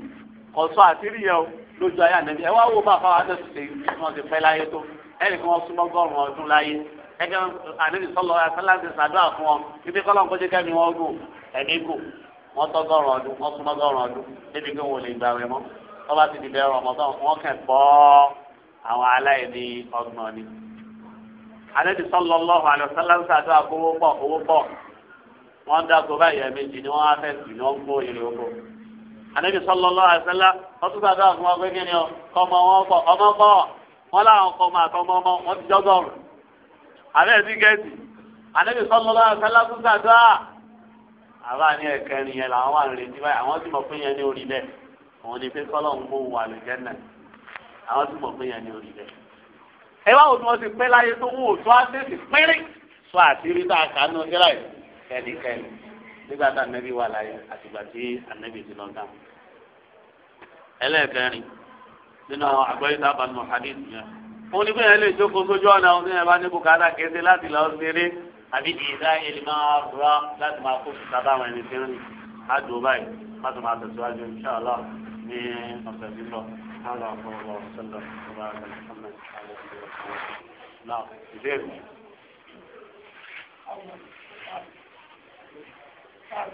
kò sọ àṣírí yẹn o lójú ayé anabi ẹ wá wo bá fáwọn anasi ṣe kí wọn ti pẹ́ láyé tó ẹnì kí wọn súnmọ́ gọ́rùn ọdún láyé ẹgbẹ́ anabi sọlọ àṣàlám ti ṣàdúrà fún wọn ibi kọ́lọ́n kó jẹ́ kẹ́mi wọn gùn ẹ̀mí gùn wọn tọ́ gọ́rùn ọdún wọn súnmọ́ gọ́rùn ọdún débi pé wọn ò alẹ́bi sọ́lọ́ lọ́hùn àlọ́sálàm sàdó àkówó pọ̀ owó pọ̀ wọ́n dáko báyìí ẹ̀mejì ni wọ́n á fẹ́ sì ní wọ́n gbó èrè oko. alẹ́bi sọ́lọ́ lọ́hùn àlọ́sálà wọ́n tún sàdó àkówó pé kí ni ọ kọ́mọ wọn pọ̀ ọmọ pọ̀ wọ́n láwọn kọ́ máa tọ́ mọ́mọ́ wọ́n ti jọ́gọ́rùn. alẹ́ ti gẹ̀ẹ́sì alẹ́bi sọ́lọ́ lọ́hùn àlọ́sálà tún sàdó à. àbá ní ẹ̀kẹrin yẹn làwọn wà lórí ti báyìí àwọn sì mọ̀ pé yẹn ní orí bẹ́ẹ̀ òun ni pé kọ́lọ́ ẹ wá òun ọsìn pẹ́ láyé tó wù òtún àtẹ̀sí pínrín sọ àtìrí tá a kà nù síra yìí kẹ́nìkẹ́nì nígbà tá ànábì wà láyé àtìgbà tí ànábì ti lọ dá. ẹlẹ́ẹ̀kẹrin nínú àwọn àgbáyé sábà nù hadith yẹn òun ni bẹ́ẹ̀ lè jókòó sójú ọ̀nà òun ní ẹ̀bá ní bùkátà kéde láti lọ sílé àbí ìdá ẹni máa láti máa kó sábà àwọn ẹni tí ń dùn báyìí má tó máa tẹ̀síwájú inṣàlá ní ọ̀sẹ̀ lílọ hálà ọ̀pọ̀lọpọ̀ ọ̀sẹ̀lẹ̀ ọba àgbẹ̀lẹ̀ náà ìbéèrè. Thank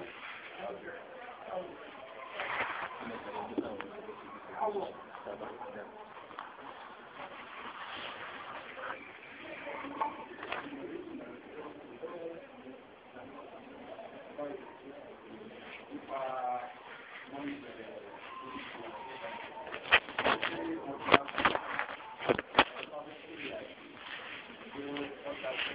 you. Ah,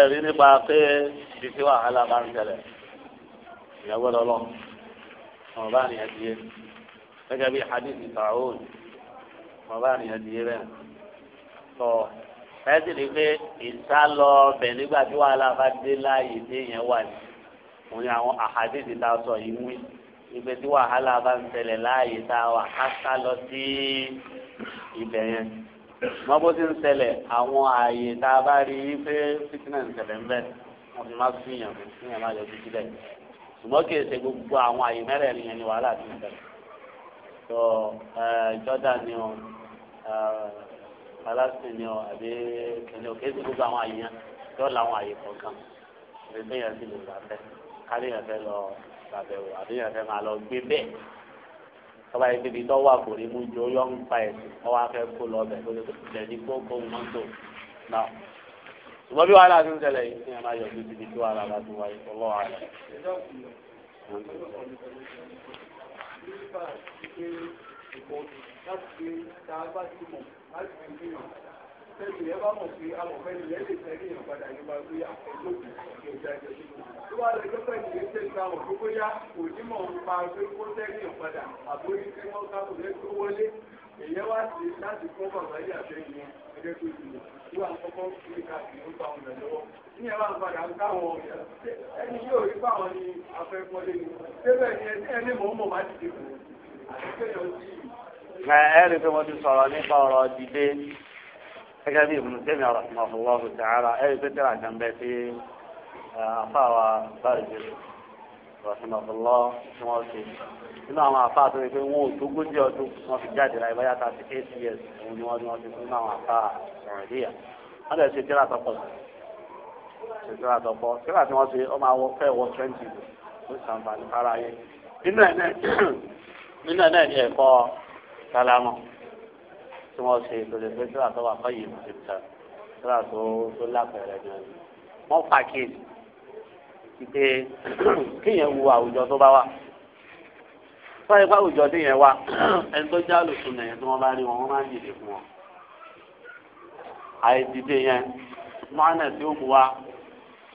ẹ̀rí nípa pé bíbí wàhálà bá ń tẹ̀lẹ̀ ìyàwó lọ́lọ́ ọ̀rọ̀ bá nìyẹn ti yé gẹ́gẹ́ bí hadith ìtàwọn ọ̀rọ̀ bá nìyẹn ti yé bẹ́ẹ̀ tọ́ ẹ sì rí pé ìsálọ ọbẹ̀ nígbà tí wàhálà bá dé láàyè téèyàn wà ní òun ni àwọn àhàdìdì tá a sọ yìí wí ibẹ̀ tí wàhálà bá ń ṣẹlẹ̀ láàyè tá a wà á sá lọ sí ibẹ̀ yẹn mọ bó ti ń ṣẹlẹ̀ àwọn ààyè tá a bá rí i pé fitinẹ ń ṣẹlẹ̀ ń bẹ wọn fi máa fi yàn fi yàn máa yọ títí bẹ ṣùgbọ́n kì í ṣe gbogbo àwọn ààyè mẹ́rẹ̀ẹ̀rin yẹn ni wàhálà ti ń ṣẹlẹ̀ tó jọ́dá ni o palestine ni o àbí kìnìún kì í ṣe gbogbo àwọn ààyè yẹn yọ làwọn ààyè kọ̀ọ̀kan ìrètí yẹn lè gbà bẹ́ẹ̀ àríyàn fẹ́ lọ ṣàbẹ̀wò àríyàn fẹ́ máa lọ gbé bẹ́ẹ̀ tọ́ba yìí níbi tó wà kò ní mú jọ yọ ń pa ẹ̀sìn wọ́n wá fẹ́ kó lọ bẹ̀ kó lè tẹ̀ ní kó kó wọn tó náà ṣùgbọ́n bí wàhálà ti ń tẹ̀lé yìí ní ẹ̀ máa ti di tí wàhálà bá ti wáyé ọlọ́wà rẹ̀. Thank you tẹ́lẹ̀ bá mọ̀ sí amọ̀fẹ́ lè tẹ́lẹ̀ yẹn padà yẹn máa gbé àpẹjọ́ ìgbẹ́ ìdájọ́ sí i. tó bá lè lọ́pẹ́ ní yẹn tẹ́lẹ̀ ká wọ̀ gbogbo yá onímọ̀ ń pa pé kó tẹ́lẹ̀ yẹn padà àbórí tí wọ́n ká kò lẹ́ wọlé èyẹ wá sí láti kọ́ bàbá yìí àtẹ́yìn yẹn tó ti lò wọ́n àkọ́kọ́ fi káàkiri ó bá wọn lọ lọ́wọ́ ẹ rí pé mo ti sọ̀rọ̀ nípa ọ̀rọ̀ dìde gẹ́gẹ́ bí ibùdó sẹ́mi ọ̀rọ̀ ọ̀sán ọ̀fọ̀wọ́ ọ̀sán tààrà ẹ̀rí pé tẹ́lá kan bẹ́ẹ̀ sí afáwa báyìí ọ̀sán ọ̀fọ̀wọ́ tí wọ́n ṣe nínú àwọn afá tó yẹ pé wọn ò tógójì ọdún wọn fi jáde láì báyà tá sí eight years òun ni wọn ni wọn ti fún àwọn afá ọ̀rọ̀ ìdíyà wọn lè ṣe tẹ́lá tọpọ̀ ṣe tẹ́lá tọpọ̀ tẹ́lá tí wọ́n ṣe ọmọ àwọ fẹ́ wọ twenty ló ṣàǹfààní ara yẹn nínú ẹ̀ náà ni ẹ̀kọ́ sálámọ̀ tí wọ́n ṣe ìpínlẹ̀ pé síra tó wà fọyín ti tà síra tó tó lápẹ̀rẹ̀ náà ni wọ́n pàkíyèsí pé kéèyàn wo àwùjọ tó bá wà fọyín pé àwùjọ tí yẹn wà ẹni tó já lòsùn nìyẹn tí wọ́n bá rí wọn wọ́n máa ń dìde fún wọn. àìdìde yẹn mọ́nà tí ó mú wa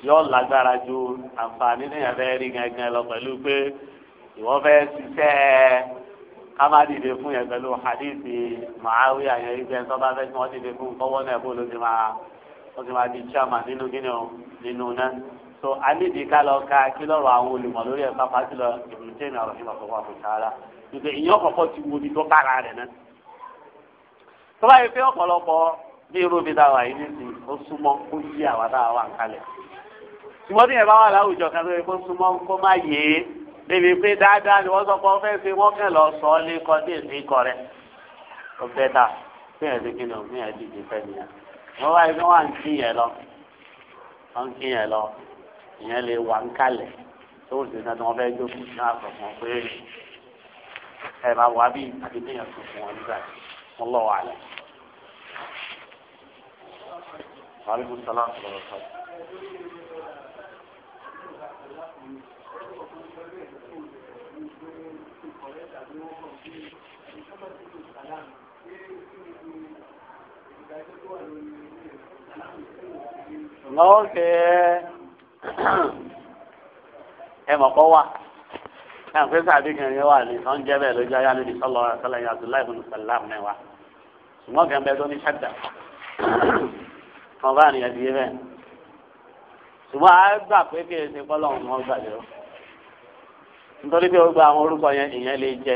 yóò lágbára ju àǹfààní nìyẹn fẹ́ rí gángan lọ pẹ̀lú pé ìwọ́n fẹ́ ṣiṣẹ́ ká má dìde fún yẹn pẹ̀lú hadithi muawiya yẹn ibẹ̀ tó bá fẹ́ kí wọ́n dìde fún kọ́wọ́ náà bó ló ti máa ó ti máa di chairman nínú gíní o nínú náà so alíbi ká lọ ka kí lọ́rọ̀ àwọn olùmọ̀ lórí ẹ̀ pápá sí lọ ìbùdó tẹ̀ ní ọ̀rọ̀ ìmọ̀ fọwọ́ àfọ̀tàlá ìgbẹ́ ìyẹn ọ̀kọ̀ọ̀kọ̀ ti wo ibi tó bára rẹ̀ náà tó bá yẹ pé ọ̀pọ̀lọpọ̀ bí irú mi dáwà yìí nísìnyí ó súnmọ́ ó yí àwa dáwà wà ń kalẹ̀ tí yẹn bá yẹ débi pé dáadáa ni wọ́n sọ pé wọ́n fẹ́ ṣe wọ́n kẹ́ lọ sọ ọ́ lé kọ́ díẹ̀ sí ikọ̀ rẹ̀ ó bẹ́ ta fún yẹn débi lọ fún yẹn dìde fẹ́ nìyẹn wọ́n wáyé pé wọ́n à ń kí yẹn lọ wọ́n ń kí yẹn lọ ìyẹn lè wà ń kalẹ̀ tó o sì tí wọ́n fẹ́ jókòó náà sọ pé ẹ máa wà bí àti téèyàn wọn nígbà tí wọ́n lọ́wọ́ àlẹ́. wàhálà ìbùsọ̀lá ọ̀rọ̀ sọ̀rọ̀ lọ́ọ̀kẹ́ ẹ mọ̀ kọ́ wà ẹ̀ ń pèsè àdéhùn yẹn wà ní sọ́n bẹ́ẹ̀ lójú ayé alẹ́ ní sọ́lọ́ ọ̀sọ́lá yẹn àti láìpẹ́ nùsọ̀lá mẹ́ wa ṣùgbọ́n kẹ́ ń bẹ tó ní ṣẹ́dá wọn bá nìyẹn ti bẹ́ẹ̀ ṣùgbọ́n a gbà pé kí ẹ ṣe kọ́ lọ́wọ́ ni wọ́n nítorí pé gbogbo àwọn orúkọ yẹn ìyẹn lè jẹ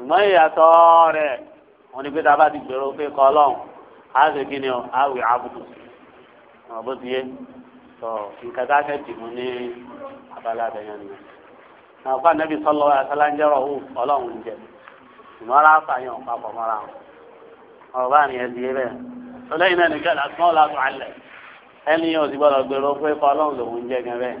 ṣùgbọ́n ìyàtọ̀ rẹ̀ wọn ni pé tá a bá ti gbèrò pé kọ́ ọlọ́run á ṣe kí ni ọ á wẹ̀ ábùkù ọ̀rọ̀ bó ti yé tọ̀ nǹkan tá a fẹ́ dìbò ní abala àbẹ̀yẹn nìyẹn. àwọn ọ̀pá nẹ́bí sọ́lọ́ àtàlájẹ́rọ̀ òun ọlọ́run jẹ ìmọ̀ra àfààyàn papọ̀ mọ́ra ọ̀rọ̀ bá nìyẹn ti yé bẹ́ẹ̀ lọ́lẹ́yìn náà nìkan àtúnwọ̀n látọ̀ àlẹ̀ ẹni yóò ti gbọ́dọ̀ gbèrò pé kọ́ ọlọ́run lòún jẹ gan bẹ́ẹ̀.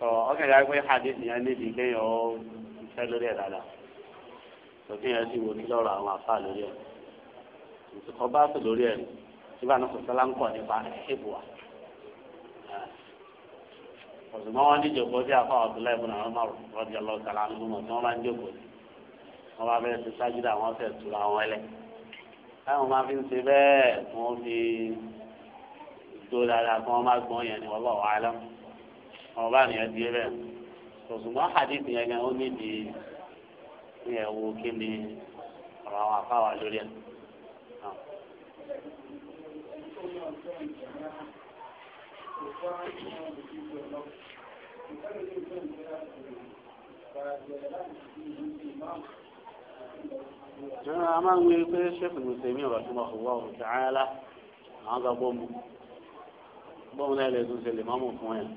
ọkàn yà pé hadith yẹn níbi kéèyàn ó iṣẹ́ lórí ẹ̀ dáadáa òfin yẹn sì wò ní lọ́rọ̀ àwọn afá lórí ẹ̀ ọba sì lórí ẹ̀ nígbà náà sọ̀tàlá ń kọ̀ nípa ìbùwà ọ̀sùnmọ́ wọn níjòkó sí afá ọ̀dúnlá ìbùnà àwọn márùn rọ́bì ọlọ́ọ̀tàlá ń lúmọ̀ tí wọ́n bá ń jòkó wọ́n bá bẹ́ẹ̀ ti ṣáájú dà wọ́n fẹ́ tura wọn ẹlẹ́ táwọn máa fi ń ṣe bẹ́ẹ̀ wọ́n fi dó dáadáa kí wọ́n má gbọ́n yẹn ni wọ́n bọ̀ wá lọ́mọ́ àwọn bá nìyẹn di rẹ sọsùnmọ́ hadith yẹn gan ó níbi ìyẹ̀wò kí ni ọ̀rọ̀ àwọn afáwà lórí ẹ̀. a máa ń wí pé ṣéèkì mùsùlùmí ọ̀rọ̀ tó máa fọwọ́ ọ̀rọ̀ tí a lá àwọn kan bọ́ọ̀mù bọ́ọ̀mù náà lè tún ṣe lè má mú fún yẹn.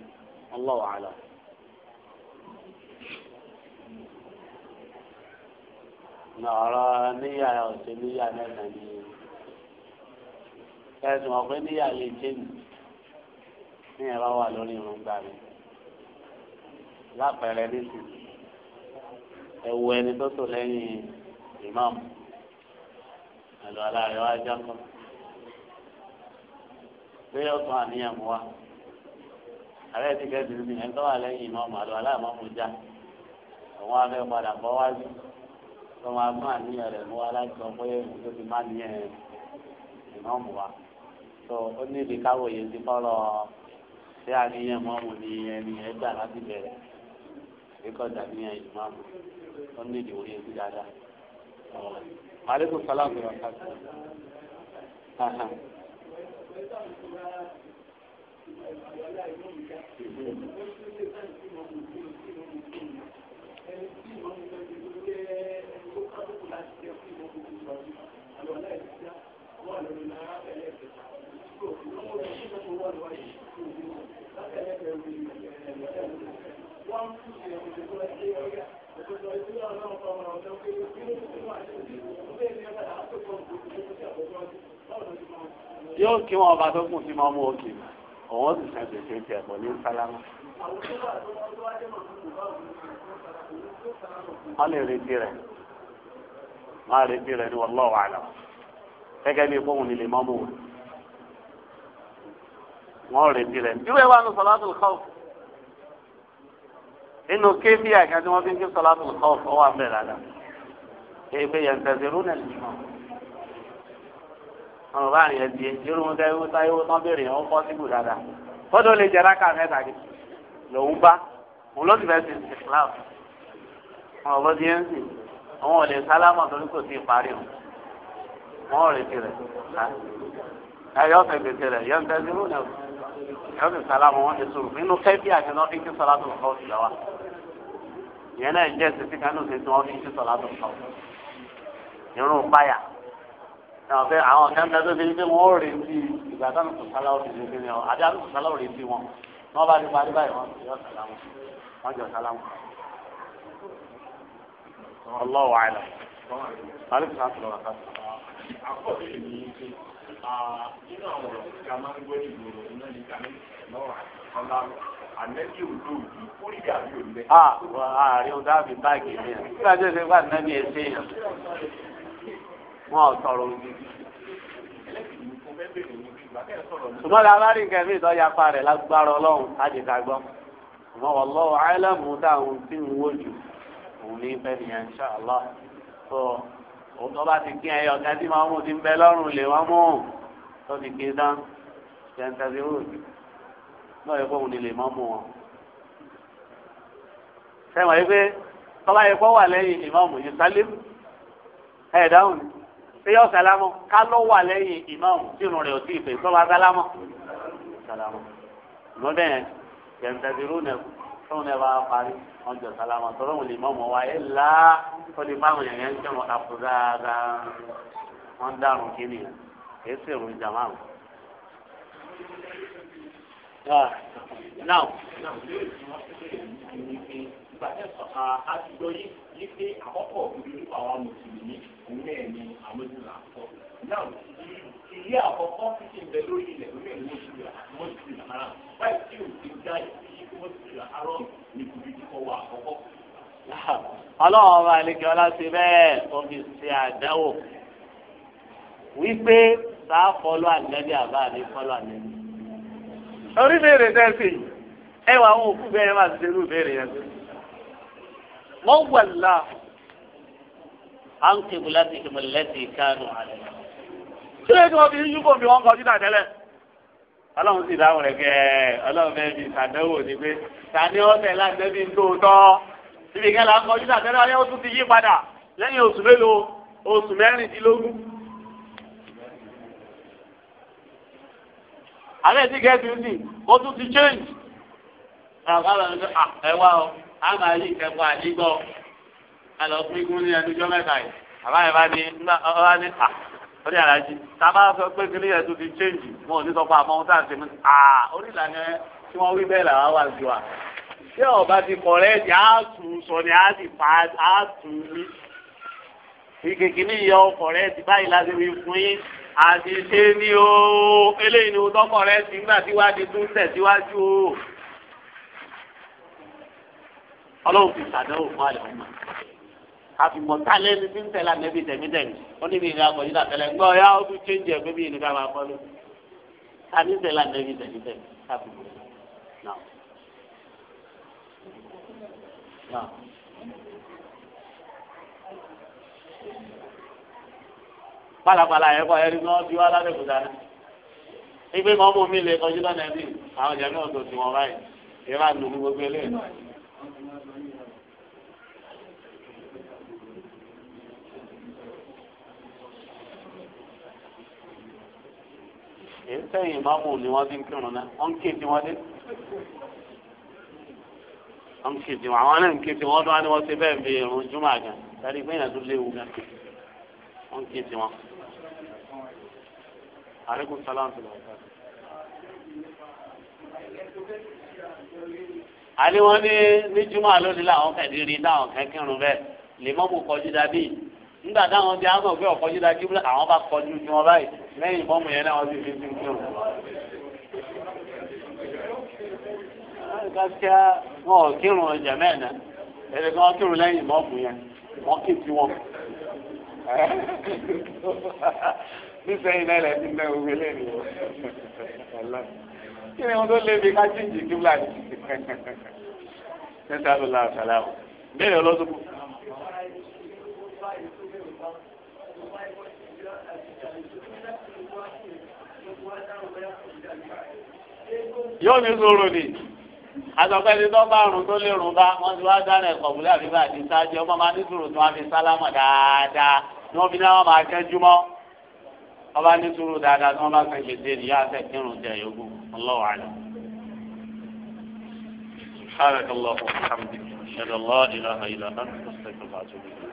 Allahu a'lam. ọ̀rọ̀ níyà ọ̀sẹ̀ níyà mẹ́ta ni ẹ̀sùn ọ̀pẹ níyà lè jẹ́nu ní ẹ̀rọ wà lórí irungba mi lápẹẹrẹ nísìn ẹ̀wù ẹni tó tò lẹ́yìn ìmáàmù àlọ́ aláàrẹ̀ wájú akọ́ pé ọ̀tún àníyàn wá ààrẹ ti kẹ́ ti rí ẹni tó wà lẹ́yìn ìmọ̀ọ́mọ̀ àlọ́ aláàmọ́mú já àwọn afẹ́ padà bọ́ wá sí tó máa mú àníyàn rẹ̀ mú wa láti sọ pé tó ti má ní ìmọ̀ọ́mù wa tó ó ní ibi káwọ̀ yẹn ti kọ́ lọ sí àníyàn mọ́ọ̀mù ní ẹni ẹgbà láti bẹ̀rẹ̀ kíkọ́ dàníyàn ìmọ̀ọ́mù ó ní ìdìbò yẹn ti dáadáa. Aleykum salaam wa rahmatulah yóò kí wọn ọba tó kù sí máa mú òkè òun sì ṣe gbèsè tiẹ̀ pọ̀ ní sálámù. wọ́n lè retí rẹ̀ wọ́n á retí rẹ̀ ní wallahu a'lam gẹ́gẹ́ bí fóun nílé mọ́mú wọn. wọ́n retí rẹ̀ irú ẹ̀ wà ní salatul khawf inú kéfì àgbà tí wọ́n fi ń kí salatul khawf ọwọ́ àbẹ̀rẹ̀ àdá. èyí yẹn tẹ̀sí rúnẹ̀ lè mọ́ àwọn bá rìn ẹbí yorùbá tẹ ewu táyé owó tán béèrè yẹn ó kọ́ síbù dáadáa fọ́dọ̀ lè jẹ́ rákà mẹ́ta ni lòun bá òun ló sì fẹ́ sin islam àwọn ọ̀bọ ti ń sìn àwọn ò lè sálámà torí kò sí ìparí o wọn ò retí rẹ̀ ẹ yọ fẹ́ gbèsè rẹ̀ yọ fẹ́ sínú rẹ̀ yọ fẹ́ sálámà wọn ti sùn nínú kẹ́bí àti náà fi kí sọlá àwọn fẹ́ àwọn kan tó ti pé wọ́n rè bí ìgbà tó ń sùn sálá òrì ní kíni ọ àti àwọn sùn sálá òrì bí wọn wọ́n bá ti parí báyìí wọ́n yọ sàlámù wọ́n jọ sàlámù. ọlọ́wọ́ àìlọ. alẹ́ sàn sọ̀rọ̀ ká. àkọ́bí mi ní pé nínú àwọn ọ̀rọ̀ ká máa ń gbọ́ ìgboro iná ní ká ní lọ́rọ̀ ọ̀la ànẹ́bí òdo òbí kórì dàbí òbí. àárín dábì báàgì mi. nígbà tó ṣe wà nẹ́bí ẹ̀ wọn ò sọ̀rọ̀ òbí. ṣùgbọ́n la bá rí nǹkan mi ìtọ́jà pa rẹ̀ lágbára ọlọ́run àjèká gbọ́. ṣùgbọ́n wọ́n lọ́wọ́ áìlẹ́mù táwọn tí ń wó jù òun ní bẹ́ẹ̀ nìyẹn insha Allah. tó o tó bá ti kí ẹ ọ̀gá tí màá mú ti ń bẹ lọ́rùn lè wọ́n mú tó ti kí dán jẹ́ńtẹ́sí rúùtù náà yẹ kó òun ni lè mọ́ mú wọn. sẹ́wọ̀n yìí pé tọ́lá yẹ kó wà lẹ́yìn ìmáàmù yìí sálẹ́mù ẹ̀ dáhùn ni ṣé yọ sálámọ ká ló wà lẹ́yìn ìmáàmù tí irun rẹ̀ ò tí ì pè tó bá sálámọ. sálámọ ìmọ̀ bẹ́ẹ̀ yẹntẹ́sirú nẹ tóun nẹ bá parí wọn sálámọ tọ́lọ́ wọn lè mọ̀ mọ́ wa ẹ̀ là ó lè bá àwọn èèyàn ń jẹ́ wọn àfúrá wọn ń dárun kíni kìí sì rún jàmáà ah, náà ìgbàjẹ́ sọ̀ka àtijọ́ yìí yìí pé àkọ́kọ́ òdodo àwọn mùsùlùmí òun náà ni àmójúlá àkọ́. náà ilé àkọ́kọ́ ti ṣe bẹ lórí ilẹ̀ òun náà ni mùsùlùmí mùsùlùmí ara báyìí tí o ti dá yìí mùsùlùmí arọ́ ní kùbí kíkọ́ wa àkọ́kọ́. ọlọ́run ọba àlejò ọlá ti bẹ́ẹ̀ omi ṣe àdáwò wípé bá fọlọ́ àgbẹ̀dẹ̀ àbá mi fọlọ́ àgbẹ̀dẹ̀. orí bèrè tẹ́sí ẹ wà àwọn òkú bẹ́ẹ̀ máa ṣerú bèrè yẹn wọ́n wẹ̀lá à ń kébù láti kébù lẹ́sì kánú àlẹ́. ṣé ètò ọbí yíyún bò mí wọn kọ sí dàtẹ́lẹ̀? ọlọ́run sì dáhùn rẹ̀ kẹ́ ọlọ́run bẹ́ẹ̀ bí sàdánwò ni pé sàní ọ̀sẹ̀ láti bí ntòótọ́ ibi kẹ́ la ń kọjú sàtẹ́lẹ̀ ayé ó tún ti yí padà lẹ́yìn oṣù mélòó oṣù mẹ́rìndínlógún. àlẹ́ ti gẹ́gẹ́ bí ó tún ti change. àwọn àgbà ẹ̀ ah, wá o a máa yí ìkẹ́kọ̀ọ́ àdígbọ́ a lọ ní ẹnujọ́ mẹ́ta yìí àbá yẹn bá ní ọba ní à orí àlàjì tá a bá sọ pé kí níyẹn tó ti chéǹjì wọn ò sọ fún àmọ́ ohun tá à ń mú à orí ìlànà tí wọ́n wí bẹ́ẹ̀ làwọn wà ju à ṣé ọba ti kọ̀rẹ́ ẹ̀jẹ̀ á tù sọ ni á sì pa á tù ú ní ìkèkì ní ìyọ ti báyìí láti wí fún yín àti ṣé ní o eléyìí ni o tọkọ̀rẹ́ ti gbà síwájú tún tẹ̀síwájú o ọlọ́run fi sàdánwò fún àlẹ́ ọmọ àfìmọ̀ tálẹ́ ní ti ń tẹ̀lé ànẹ́bí tẹ̀mítẹ̀mí ó ní bí ìrìn àkọ́jú náà tẹ́lẹ̀ gbọ́ ya ó tún chéńjì ẹ̀ pé bí ìrìn káwọn akọ́lù ta ní tẹ̀lé ànẹ́bí tẹ̀mítẹ̀mí àfìmọ̀ náà. náà. pálapàla yẹn kọ́ ẹni náà bí wọ́n alábẹ́ kúta ní. ìgbé mọ́mú mi lè kọjú lọ́nà ẹbí àwọn jẹ̀mí ọ̀dọ̀ tí wọ́n báyìí ìrìn àdùnnú gbogbo eléyìí. èyí sẹ́yìn ìmáàmù ni wọ́n ti ń kírun náà wọ́n ń ké tí wọ́n dé wọ́n ń ké tí wọ́n àwọn náà ń ké tí wọ́n tó wá ní wọ́n ṣe bẹ́ẹ̀ bí irun júmọ̀ àgàn tàbí pé èèyàn léwu gan wọ́n ń ké wọ́n. aleykum salaam tó lọ́wọ́ sáà. àní ní ní júmọ̀ àlónìí làwọn kẹ̀dí rí táwọn kẹ́kẹ́rùn bẹ́ẹ̀ lè mọ́ kó kọjú dàbí nígbà táwọn ti àwọn òfin ọ̀kọ́ yíra kí àwọn bá kọjú sí wọn báyìí lẹ́yìn ìbọn yẹn náà wọ́n ti fi sí kí wọn. káṣíá wọn ò kírun ọjà mẹ́ẹ̀nà ẹ̀rẹ̀ kí wọ́n kírun lẹ́yìn ìbọn yẹn wọ́n kì í sí wọn. nífẹ̀ẹ́ iná ilẹ̀ ti mẹ́ omi lẹ́nu kí ni wọn tó lébi ká jíjì kí wọn láti ṣe. nígbà tó àṣàlà o bẹ́ẹ̀ ni ọlọ́sọ̀kù yóò ní sọ̀rọ̀ ni àtọ̀pẹ́ni tó bá rùn tó lè rùn bá wọ́n ti wá dáná ẹ̀kọ́ bùlẹ̀ àbíbá àti sáájú ọmọ máa ní sùúrù tí wọ́n fi sálámọ̀ dáadáa ni wọ́n fi ní wọ́n máa kẹ́jú mọ́ ọba ní sùúrù dáadáa tí wọ́n bá fẹ́ ṣe dé nìyá àti ẹ̀kírun tẹ̀ yógún ọlọ́wọ́ àná. سبحانك اللهم وبحمدك أشهد أن لا إله إلا أنت أستغفرك